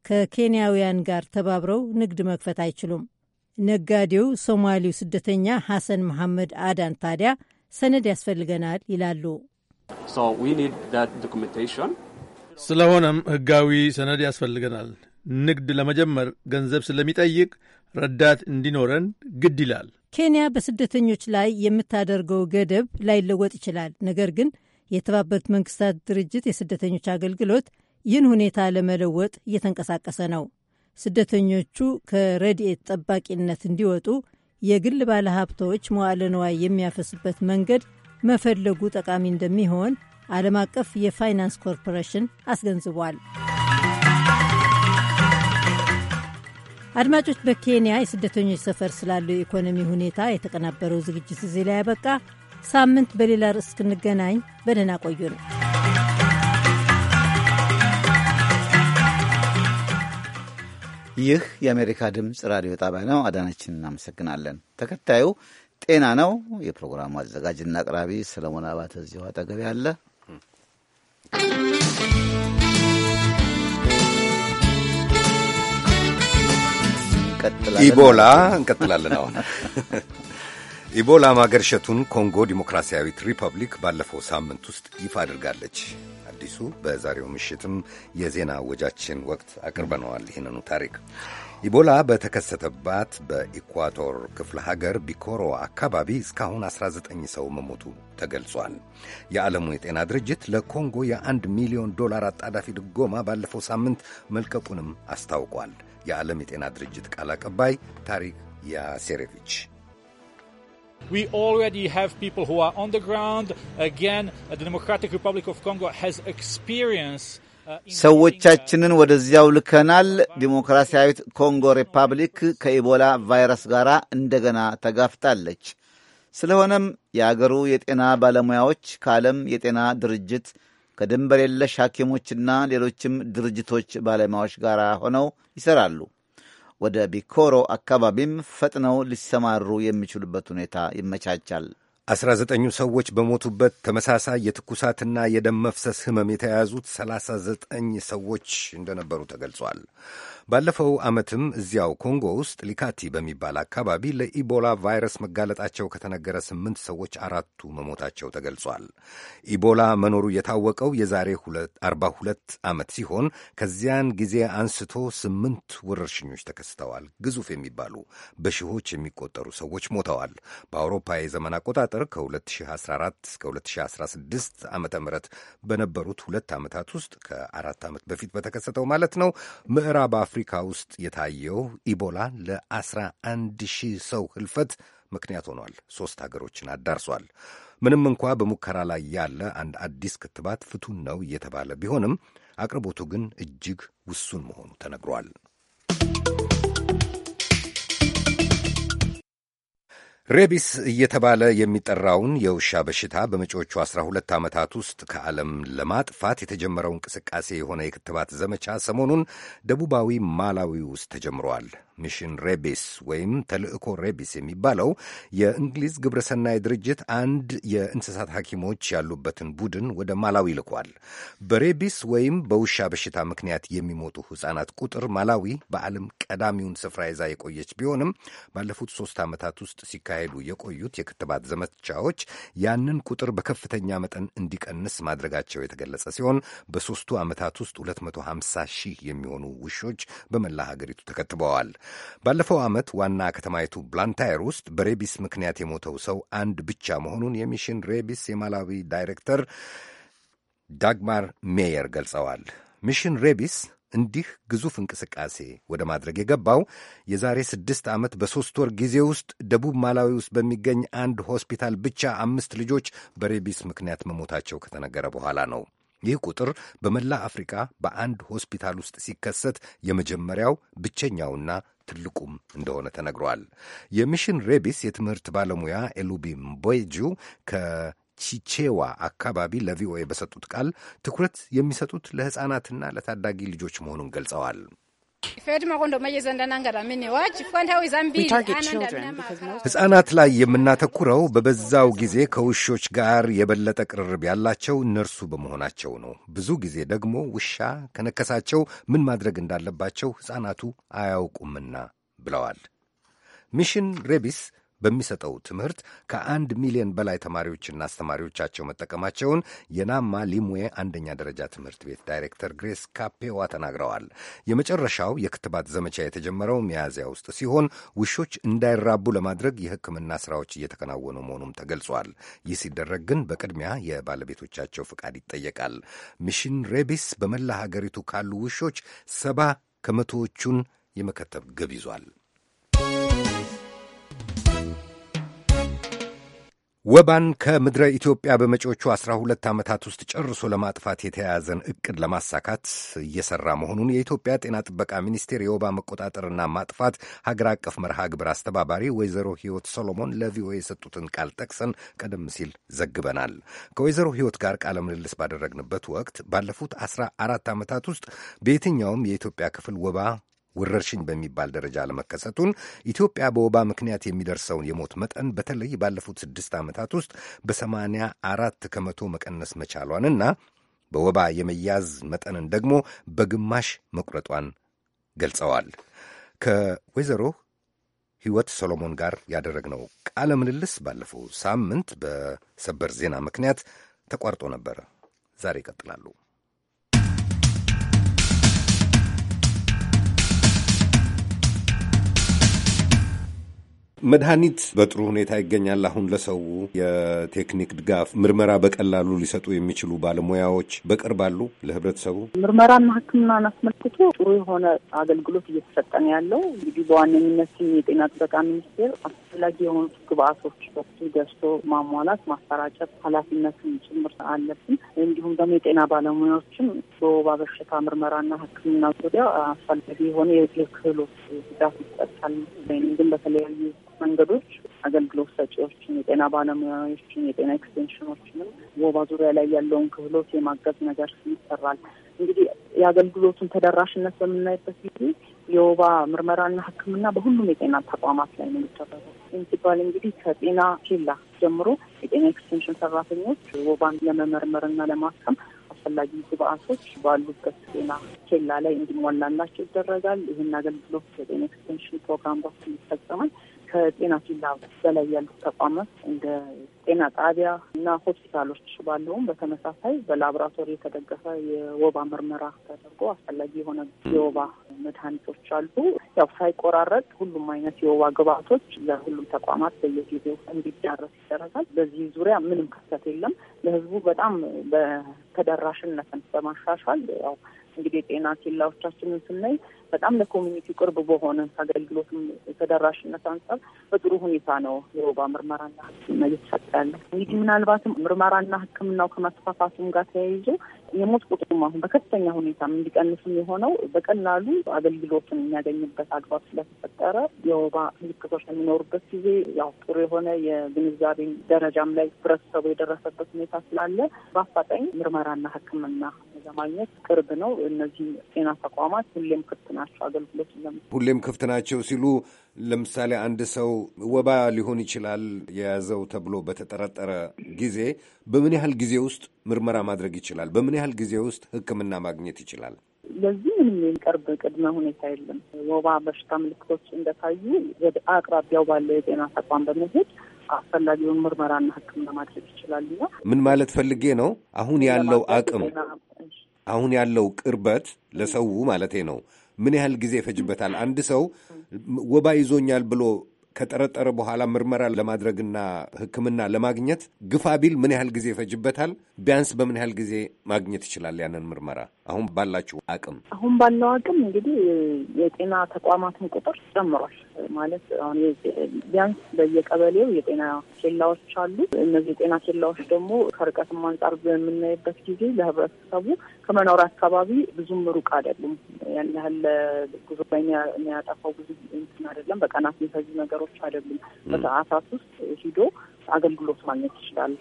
ከኬንያውያን ጋር ተባብረው ንግድ መክፈት አይችሉም። ነጋዴው ሶማሌው ስደተኛ ሐሰን መሐመድ አዳን ታዲያ ሰነድ ያስፈልገናል ይላሉ። ስለሆነም ሕጋዊ ሰነድ ያስፈልገናል። ንግድ ለመጀመር ገንዘብ ስለሚጠይቅ ረዳት እንዲኖረን ግድ ይላል። ኬንያ በስደተኞች ላይ የምታደርገው ገደብ ላይለወጥ ይችላል። ነገር ግን የተባበሩት መንግስታት ድርጅት የስደተኞች አገልግሎት ይህን ሁኔታ ለመለወጥ እየተንቀሳቀሰ ነው። ስደተኞቹ ከረድኤት ጠባቂነት እንዲወጡ የግል ባለሀብታዎች መዋዕለ ንዋይ የሚያፈስበት መንገድ መፈለጉ ጠቃሚ እንደሚሆን ዓለም አቀፍ የፋይናንስ ኮርፖሬሽን አስገንዝቧል። አድማጮች፣ በኬንያ የስደተኞች ሰፈር ስላለው የኢኮኖሚ ሁኔታ የተቀናበረው ዝግጅት እዚህ ላይ ያበቃ። ሳምንት በሌላ ርዕስ እስክንገናኝ በደህና ቆዩ ነው። ይህ የአሜሪካ ድምፅ ራዲዮ ጣቢያ ነው። አዳናችን እናመሰግናለን። ተከታዩ ጤና ነው። የፕሮግራሙ አዘጋጅና አቅራቢ ሰለሞን አባተ እዚሁ አጠገብ ያለ ኢቦላ እንቀጥላለን። አሁን ኢቦላ ማገርሸቱን ኮንጎ ዲሞክራሲያዊት ሪፐብሊክ ባለፈው ሳምንት ውስጥ ይፋ አድርጋለች። አዲሱ በዛሬው ምሽትም የዜና ወጃችን ወቅት አቅርበነዋል። ይህንኑ ታሪክ ኢቦላ በተከሰተባት በኢኳቶር ክፍለ ሀገር ቢኮሮ አካባቢ እስካሁን 19 ሰው መሞቱ ተገልጿል። የዓለሙ የጤና ድርጅት ለኮንጎ የአንድ ሚሊዮን ዶላር አጣዳፊ ድጎማ ባለፈው ሳምንት መልቀቁንም አስታውቋል። የዓለም የጤና ድርጅት ቃል አቀባይ ታሪክ ያሴሬቪች We already have people who are on the ground. Again, the Democratic Republic of Congo has experience. Uh, uh, ሰዎቻችንን ወደዚያው ልከናል። ዲሞክራሲያዊት ኮንጎ ሪፐብሊክ ከኢቦላ ቫይረስ ጋር እንደገና ተጋፍጣለች። ስለሆነም የአገሩ የጤና ባለሙያዎች ከዓለም የጤና ድርጅት ከድንበር የለሽ ሐኪሞችና ሌሎችም ድርጅቶች ባለሙያዎች ጋር ሆነው ይሠራሉ። ወደ ቢኮሮ አካባቢም ፈጥነው ሊሰማሩ የሚችሉበት ሁኔታ ይመቻቻል። አስራ ዘጠኙ ሰዎች በሞቱበት ተመሳሳይ የትኩሳትና የደም መፍሰስ ህመም የተያዙት ሰላሳ ዘጠኝ ሰዎች እንደነበሩ ተገልጿል። ባለፈው ዓመትም እዚያው ኮንጎ ውስጥ ሊካቲ በሚባል አካባቢ ለኢቦላ ቫይረስ መጋለጣቸው ከተነገረ ስምንት ሰዎች አራቱ መሞታቸው ተገልጿል። ኢቦላ መኖሩ የታወቀው የዛሬ 42 ዓመት ሲሆን ከዚያን ጊዜ አንስቶ ስምንት ወረርሽኞች ተከስተዋል። ግዙፍ የሚባሉ በሺዎች የሚቆጠሩ ሰዎች ሞተዋል። በአውሮፓ የዘመን አቆጣጠር ከ2014 እስከ 2016 ዓ ም በነበሩት ሁለት ዓመታት ውስጥ ከአራት ዓመት በፊት በተከሰተው ማለት ነው ምዕራብ አፍሪካ ውስጥ የታየው ኢቦላ ለ11 ሺህ ሰው ህልፈት ምክንያት ሆኗል። ሦስት ሀገሮችን አዳርሷል። ምንም እንኳ በሙከራ ላይ ያለ አንድ አዲስ ክትባት ፍቱን ነው እየተባለ ቢሆንም አቅርቦቱ ግን እጅግ ውሱን መሆኑ ተነግሯል። ሬቢስ እየተባለ የሚጠራውን የውሻ በሽታ በመጪዎቹ 12 ዓመታት ውስጥ ከዓለም ለማጥፋት የተጀመረው እንቅስቃሴ የሆነ የክትባት ዘመቻ ሰሞኑን ደቡባዊ ማላዊ ውስጥ ተጀምሯል። ሚሽን ሬቢስ ወይም ተልእኮ ሬቢስ የሚባለው የእንግሊዝ ግብረሰናይ ድርጅት አንድ የእንስሳት ሐኪሞች ያሉበትን ቡድን ወደ ማላዊ ልኳል። በሬቢስ ወይም በውሻ በሽታ ምክንያት የሚሞቱ ሕፃናት ቁጥር ማላዊ በዓለም ቀዳሚውን ስፍራ ይዛ የቆየች ቢሆንም ባለፉት ሶስት ዓመታት ውስጥ ሲካሄዱ የቆዩት የክትባት ዘመቻዎች ያንን ቁጥር በከፍተኛ መጠን እንዲቀንስ ማድረጋቸው የተገለጸ ሲሆን በሦስቱ ዓመታት ውስጥ 250 ሺህ የሚሆኑ ውሾች በመላ ሀገሪቱ ተከትበዋል። ባለፈው ዓመት ዋና ከተማይቱ ብላንታየር ውስጥ በሬቢስ ምክንያት የሞተው ሰው አንድ ብቻ መሆኑን የሚሽን ሬቢስ የማላዊ ዳይሬክተር ዳግማር ሜየር ገልጸዋል። ሚሽን ሬቢስ እንዲህ ግዙፍ እንቅስቃሴ ወደ ማድረግ የገባው የዛሬ ስድስት ዓመት በሦስት ወር ጊዜ ውስጥ ደቡብ ማላዊ ውስጥ በሚገኝ አንድ ሆስፒታል ብቻ አምስት ልጆች በሬቢስ ምክንያት መሞታቸው ከተነገረ በኋላ ነው። ይህ ቁጥር በመላ አፍሪካ በአንድ ሆስፒታል ውስጥ ሲከሰት የመጀመሪያው ብቸኛውና ትልቁም እንደሆነ ተነግሯል። የሚሽን ሬቢስ የትምህርት ባለሙያ ኤሉቢ ምቦይጁ ከቺቼዋ አካባቢ ለቪኦኤ በሰጡት ቃል ትኩረት የሚሰጡት ለሕፃናትና ለታዳጊ ልጆች መሆኑን ገልጸዋል። ሕፃናት ላይ የምናተኩረው በበዛው ጊዜ ከውሾች ጋር የበለጠ ቅርርብ ያላቸው እነርሱ በመሆናቸው ነው። ብዙ ጊዜ ደግሞ ውሻ ከነከሳቸው ምን ማድረግ እንዳለባቸው ሕፃናቱ አያውቁምና ብለዋል። ሚሽን ሬቢስ በሚሰጠው ትምህርት ከአንድ ሚሊዮን በላይ ተማሪዎችና አስተማሪዎቻቸው መጠቀማቸውን የናማ ሊሙዌ አንደኛ ደረጃ ትምህርት ቤት ዳይሬክተር ግሬስ ካፔዋ ተናግረዋል። የመጨረሻው የክትባት ዘመቻ የተጀመረው ሚያዝያ ውስጥ ሲሆን ውሾች እንዳይራቡ ለማድረግ የሕክምና ስራዎች እየተከናወኑ መሆኑም ተገልጿል። ይህ ሲደረግ ግን በቅድሚያ የባለቤቶቻቸው ፍቃድ ይጠየቃል። ሚሽን ሬቢስ በመላ ሀገሪቱ ካሉ ውሾች ሰባ ከመቶዎቹን የመከተብ ግብ ይዟል። ወባን ከምድረ ኢትዮጵያ በመጪዎቹ አስራ ሁለት ዓመታት ውስጥ ጨርሶ ለማጥፋት የተያያዘን እቅድ ለማሳካት እየሰራ መሆኑን የኢትዮጵያ ጤና ጥበቃ ሚኒስቴር የወባ መቆጣጠርና ማጥፋት ሀገር አቀፍ መርሃ ግብር አስተባባሪ ወይዘሮ ህይወት ሶሎሞን ለቪኦኤ የሰጡትን ቃል ጠቅሰን ቀደም ሲል ዘግበናል። ከወይዘሮ ህይወት ጋር ቃለ ምልልስ ባደረግንበት ወቅት ባለፉት አስራ አራት ዓመታት ውስጥ በየትኛውም የኢትዮጵያ ክፍል ወባ ወረርሽኝ በሚባል ደረጃ ለመከሰቱን ኢትዮጵያ በወባ ምክንያት የሚደርሰውን የሞት መጠን በተለይ ባለፉት ስድስት ዓመታት ውስጥ በሰማንያ አራት ከመቶ መቀነስ መቻሏንና በወባ የመያዝ መጠንን ደግሞ በግማሽ መቁረጧን ገልጸዋል። ከወይዘሮ ሕይወት ሰሎሞን ጋር ያደረግነው ቃለ ምልልስ ባለፈው ሳምንት በሰበር ዜና ምክንያት ተቋርጦ ነበረ። ዛሬ ይቀጥላሉ። መድኃኒት በጥሩ ሁኔታ ይገኛል። አሁን ለሰው የቴክኒክ ድጋፍ፣ ምርመራ በቀላሉ ሊሰጡ የሚችሉ ባለሙያዎች በቅርብ አሉ ለህብረተሰቡ። ምርመራና ሕክምናን አስመልክቶ ጥሩ የሆነ አገልግሎት እየተሰጠነ ያለው እንግዲህ በዋነኝነት የጤና ጥበቃ ሚኒስቴር አስፈላጊ የሆኑት ግብአቶች በሱ ገዝቶ ማሟላት፣ ማሰራጨት ኃላፊነትን ጭምር አለብን። እንዲሁም ደግሞ የጤና ባለሙያዎችም በወባ በሽታ ምርመራና ሕክምና ዙሪያ አስፈላጊ የሆነ የክህሎት ድጋፍ ይሰጣል ግን በተለያዩ መንገዶች አገልግሎት ሰጪዎችን፣ የጤና ባለሙያዎችን፣ የጤና ኤክስቴንሽኖችንም ወባ ዙሪያ ላይ ያለውን ክህሎት የማገዝ ነገር ይሰራል። እንግዲህ የአገልግሎቱን ተደራሽነት በምናይበት ጊዜ የወባ ምርመራና ሕክምና በሁሉም የጤና ተቋማት ላይ ነው የሚደረገው። ሲባል እንግዲህ ከጤና ኬላ ጀምሮ የጤና ኤክስቴንሽን ሰራተኞች ወባን ለመመርመርና ለማከም አስፈላጊ ግብአቶች ባሉበት ጤና ኬላ ላይ እንዲሟላላቸው ይደረጋል። ይህን አገልግሎት የጤና ኤክስቴንሽን ፕሮግራም በኩል ይፈጸማል። ከጤና ኬላ በላይ ያሉት ተቋማት እንደ ጤና ጣቢያ እና ሆስፒታሎች ባለውም በተመሳሳይ በላቦራቶሪ የተደገፈ የወባ ምርመራ ተደርጎ አስፈላጊ የሆነ የወባ መድኃኒቶች አሉ። ያው ሳይቆራረጥ ሁሉም አይነት የወባ ግብዓቶች ለሁሉም ተቋማት በየጊዜው እንዲዳረስ ይደረጋል። በዚህ ዙሪያ ምንም ክፍተት የለም። ለህዝቡ በጣም በተደራሽነትን በማሻሻል ያው እንግዲህ የጤና ኬላዎቻችንን ስናይ በጣም ለኮሚኒቲ ቅርብ በሆነ አገልግሎትም ተደራሽነት አንጻር በጥሩ ሁኔታ ነው የወባ ምርመራና ሕክምና እየተሰጠ ያለ። እንግዲህ ምናልባትም ምርመራና ሕክምናው ከመስፋፋቱም ጋር ተያይዞ የሞት ቁጥሩም አሁን በከፍተኛ ሁኔታ እንዲቀንስም የሆነው በቀላሉ አገልግሎትን የሚያገኝበት አግባብ ስለተፈጠረ የወባ ምልክቶች የሚኖሩበት ጊዜ ያው ጥሩ የሆነ የግንዛቤ ደረጃም ላይ ህብረተሰቡ የደረሰበት ሁኔታ ስላለ በአፋጣኝ ምርመራና ሕክምና ለማግኘት ቅርብ ነው። እነዚህ ጤና ተቋማት ሁሌም ክፍት ናቸው። አገልግሎት ሁሌም ክፍት ናቸው ሲሉ ለምሳሌ አንድ ሰው ወባ ሊሆን ይችላል የያዘው ተብሎ በተጠረጠረ ጊዜ በምን ያህል ጊዜ ውስጥ ምርመራ ማድረግ ይችላል? በምን ያህል ጊዜ ውስጥ ሕክምና ማግኘት ይችላል? ለዚህ ምንም የሚቀርብ ቅድመ ሁኔታ የለም። ወባ በሽታ ምልክቶች እንደታዩ ወደ አቅራቢያው ባለው የጤና ተቋም በመሄድ አስፈላጊውን ምርመራና ሕክምና ማድረግ ይችላል። እና ምን ማለት ፈልጌ ነው አሁን ያለው አቅም አሁን ያለው ቅርበት ለሰው ማለቴ ነው ምን ያህል ጊዜ ይፈጅበታል? አንድ ሰው ወባ ይዞኛል ብሎ ከጠረጠረ በኋላ ምርመራ ለማድረግና ሕክምና ለማግኘት ግፋ ቢል ምን ያህል ጊዜ ይፈጅበታል? ቢያንስ በምን ያህል ጊዜ ማግኘት ይችላል ያንን ምርመራ? አሁን ባላችሁ አቅም አሁን ባለው አቅም እንግዲህ የጤና ተቋማትን ቁጥር ጨምሯል። ማለት አሁን ቢያንስ በየቀበሌው የጤና ኬላዎች አሉ። እነዚህ የጤና ኬላዎች ደግሞ ከርቀትም አንጻር በምናይበት ጊዜ ለህብረተሰቡ ከመኖሪያ አካባቢ ብዙም ሩቅ አይደሉም። ያን ያህል ጉዞ የሚያጠፋው ብዙ እንትን አይደለም። በቀናት የሚፈጁ ነገሮች አይደሉም። በሰዓታት ውስጥ ሂዶ አገልግሎት ማግኘት ይችላል።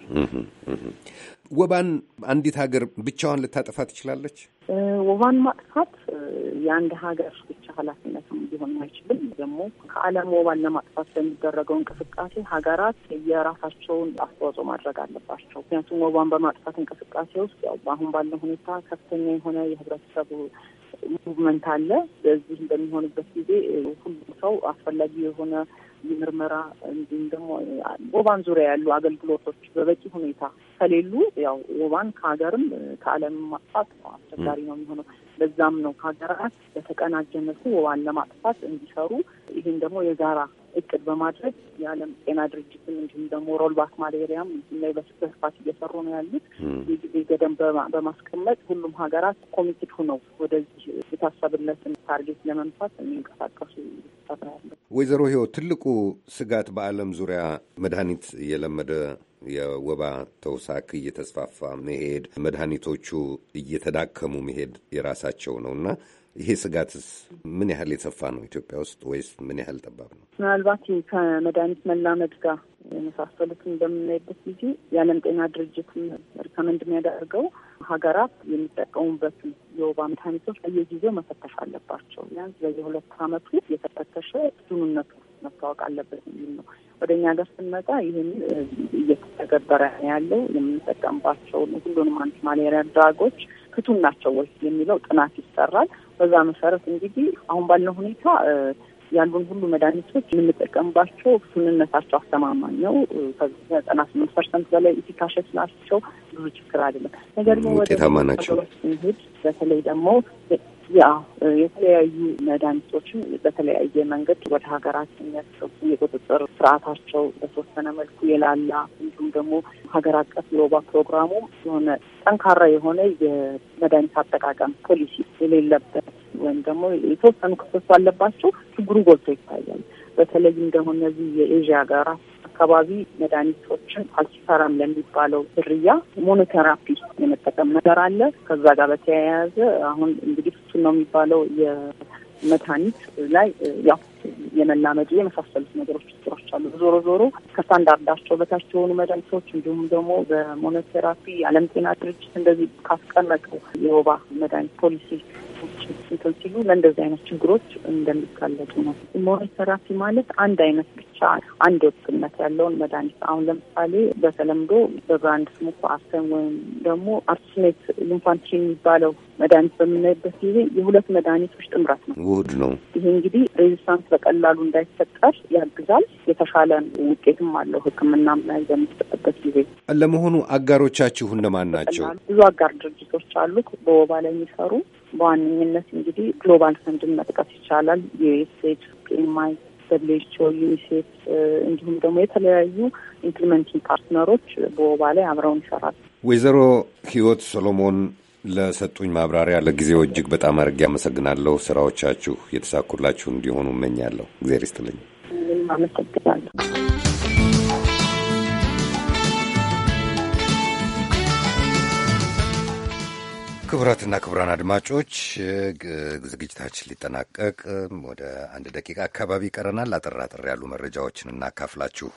ወባን አንዲት ሀገር ብቻዋን ልታጠፋ ትችላለች? ወባን ማጥፋት የአንድ ሀገር ብቻ ኃላፊነትም ሊሆን አይችልም። ደግሞ ከዓለም ወባን ለማጥፋት በሚደረገው እንቅስቃሴ ሀገራት የራሳቸውን አስተዋጽኦ ማድረግ አለባቸው። ምክንያቱም ወባን በማጥፋት እንቅስቃሴ ውስጥ ያው አሁን ባለው ሁኔታ ከፍተኛ የሆነ የህብረተሰቡ ሙቭመንት አለ። በዚህ በሚሆንበት ጊዜ ሁሉ ሰው አስፈላጊ የሆነ የምርመራ እንዲሁም ደግሞ ወባን ዙሪያ ያሉ አገልግሎቶች በበቂ ሁኔታ ከሌሉ ያው ወባን ከሀገርም ከዓለም ማጥፋት አስቸጋሪ ነው የሚሆነው። ለዛም ነው ሀገራት በተቀናጀ መልኩ ወባን ለማጥፋት እንዲሰሩ ይህን ደግሞ የጋራ እቅድ በማድረግ የዓለም ጤና ድርጅትም እንዲሁም ደግሞ ሮልባክ ማሌሪያም እዚህ ላይ በስፋት እየሰሩ ነው ያሉት። የጊዜ ገደም በማስቀመጥ ሁሉም ሀገራት ኮሚትድ ሁነው ወደዚህ የታሰብነትን ታርጌት ለመንፋት የሚንቀሳቀሱ ያለ ወይዘሮ ህይወት ትልቁ ስጋት በዓለም ዙሪያ መድኃኒት እየለመደ የወባ ተውሳክ እየተስፋፋ መሄድ፣ መድኃኒቶቹ እየተዳከሙ መሄድ የራሳቸው ነው እና ይሄ ስጋትስ ምን ያህል የሰፋ ነው ኢትዮጵያ ውስጥ ወይስ ምን ያህል ጠባብ ነው? ምናልባት ከመድኃኒት መላመድ ጋር የመሳሰሉትን በምናይበት ጊዜ የዓለም ጤና ድርጅትም ሪከመንድ የሚያደርገው ሀገራት የሚጠቀሙበትን የወባ መድኃኒቶች በየጊዜው መፈተሽ አለባቸው። ቢያንስ በየሁለት ዓመቱ የተፈተሸ ዱኑነቱ መታወቅ አለበት የሚል ነው። ወደ እኛ ጋር ስንመጣ ይህን እየተተገበረ ያለው የምንጠቀምባቸውን ሁሉንም አንቲ ማሌሪያ ድራጎች ፍቱን ናቸው ወይ የሚለው ጥናት ይሰራል። በዛ መሰረት እንግዲህ አሁን ባለው ሁኔታ ያሉን ሁሉ መድኃኒቶች የምንጠቀምባቸው ሱንነታቸው አስተማማኝ ነው። ከዘጠና ስምንት ፐርሰንት በላይ ኢፊካሸስ ናቸው። ብዙ ችግር አይደለም። ነገር ግን ወደማ ናቸው ስንሄድ በተለይ ደግሞ ያ የተለያዩ መድኃኒቶችን በተለያየ መንገድ ወደ ሀገራችን የሚያስገቡ የቁጥጥር ስርዓታቸው በተወሰነ መልኩ የላላ እንዲሁም ደግሞ ሀገር አቀፍ ሎባ ፕሮግራሙ የሆነ ጠንካራ የሆነ የመድኃኒት አጠቃቀም ፖሊሲ የሌለበት ወይም ደግሞ የተወሰኑ ክፍተት አለባቸው። ችግሩ ጎልቶ ይታያል። በተለይም ደግሞ እነዚህ የኤዥያ ሀገራት አካባቢ መድኃኒቶችን አልሲሰራም ለሚባለው ዝርያ ሞኖቴራፒ የመጠቀም ነገር አለ። ከዛ ጋር በተያያዘ አሁን እንግዲህ እሱ ነው የሚባለው የመድኃኒት ላይ ያው የመላመድ የመሳሰሉት ነገሮች ችግሮች አሉ። ዞሮ ዞሮ ከስታንዳርዳቸው በታች የሆኑ መድኃኒቶች እንዲሁም ደግሞ በሞኖቴራፒ የዓለም ጤና ድርጅት እንደዚህ ካስቀመጡ የወባ መድኃኒት ፖሊሲ እንትን ሲሉ ለእንደዚህ አይነት ችግሮች እንደሚጋለጡ ነው። ሞኖቴራፒ ማለት አንድ አይነት አንድ ወጥነት ያለውን መድኃኒት አሁን ለምሳሌ በተለምዶ በብራንድ ስሙ አርሰን ወይም ደግሞ አርቲሜት ሉምፋንትሪን የሚባለው መድኃኒት በምናይበት ጊዜ የሁለት መድኃኒቶች ጥምረት ነው፣ ውህድ ነው። ይህ እንግዲህ ሬዚስታንስ በቀላሉ እንዳይፈጠር ያግዛል። የተሻለ ውጤትም አለው ህክምና ምናይ በምትሰጥበት ጊዜ። ለመሆኑ አጋሮቻችሁ እነማን ናቸው? ብዙ አጋር ድርጅቶች አሉ በወባ ላይ የሚሰሩ በዋነኝነት እንግዲህ ግሎባል ፈንድን መጥቀስ ይቻላል። ዩኤስኤድ ፒኤምአይ ደብሊውኤችኦ፣ ዩኒሴፍ እንዲሁም ደግሞ የተለያዩ ኢምፕሊመንቲንግ ፓርትነሮች በወባ ላይ አብረውን ይሰራል። ወይዘሮ ህይወት ሶሎሞን ለሰጡኝ ማብራሪያ ለጊዜው እጅግ በጣም አድርጌ አመሰግናለሁ። ስራዎቻችሁ የተሳኩላችሁ እንዲሆኑ እመኛለሁ። እግዜር ይስጥልኝ። አመሰግናለሁ። ክቡራትና ክቡራን አድማጮች ዝግጅታችን ሊጠናቀቅ ወደ አንድ ደቂቃ አካባቢ ይቀረናል። አጠር አጠር ያሉ መረጃዎችን እናካፍላችሁ።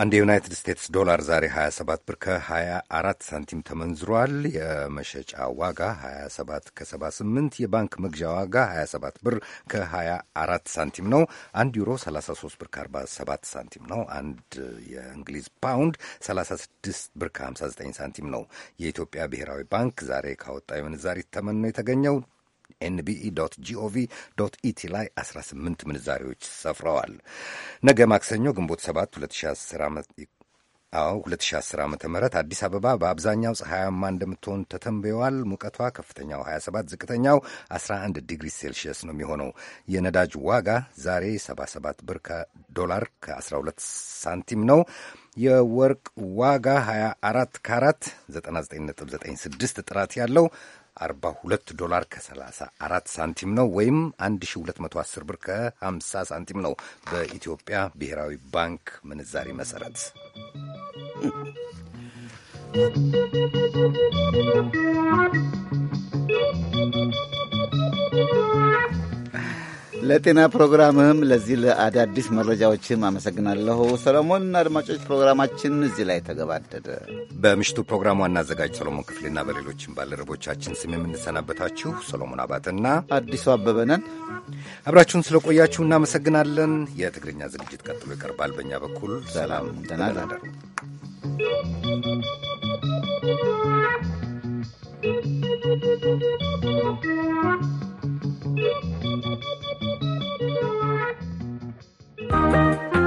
አንድ የዩናይትድ ስቴትስ ዶላር ዛሬ 27 ብር ከ24 ሳንቲም ተመንዝሯል። የመሸጫ ዋጋ 27 ከ78፣ የባንክ መግዣ ዋጋ 27 ብር ከ24 ሳንቲም ነው። አንድ ዩሮ 33 ብር ከ47 ሳንቲም ነው። አንድ የእንግሊዝ ፓውንድ 36 ብር ከ59 ሳንቲም ነው። የኢትዮጵያ ብሔራዊ ባንክ ዛሬ ካወጣ የምንዛሪ ተመን ነው የተገኘው ኤንቢኢ ጂኦቪ ኢቲ ላይ 18 ምንዛሪዎች ሰፍረዋል። ነገ ማክሰኞ ግንቦት 7 አዎ 2010 ዓ ም አዲስ አበባ በአብዛኛው ፀሐያማ እንደምትሆን ተተንብየዋል። ሙቀቷ ከፍተኛው 27፣ ዝቅተኛው 11 ዲግሪ ሴልሽየስ ነው የሚሆነው። የነዳጅ ዋጋ ዛሬ 77 ብር ከዶላር ከ12 ሳንቲም ነው። የወርቅ ዋጋ 24 ካራት 99.96 ጥራት ያለው 42 ዶላር ከ34 ሳንቲም ነው ወይም 1210 ብር ከ50 ሳንቲም ነው በኢትዮጵያ ብሔራዊ ባንክ ምንዛሬ መሰረት። Thank you. ለጤና ፕሮግራምም ለዚህ ለአዳዲስ መረጃዎችም አመሰግናለሁ ሰለሞን። አድማጮች ፕሮግራማችን እዚህ ላይ ተገባደደ። በምሽቱ ፕሮግራም ዋና አዘጋጅ ሰሎሞን ክፍሌና በሌሎችም ባልደረቦቻችን ስም የምንሰናበታችሁ ሰሎሞን አባትና አዲሱ አበበነን አብራችሁን ስለቆያችሁ እናመሰግናለን። የትግርኛ ዝግጅት ቀጥሎ ይቀርባል። በእኛ በኩል ሰላም ደናደር Thank Thank you.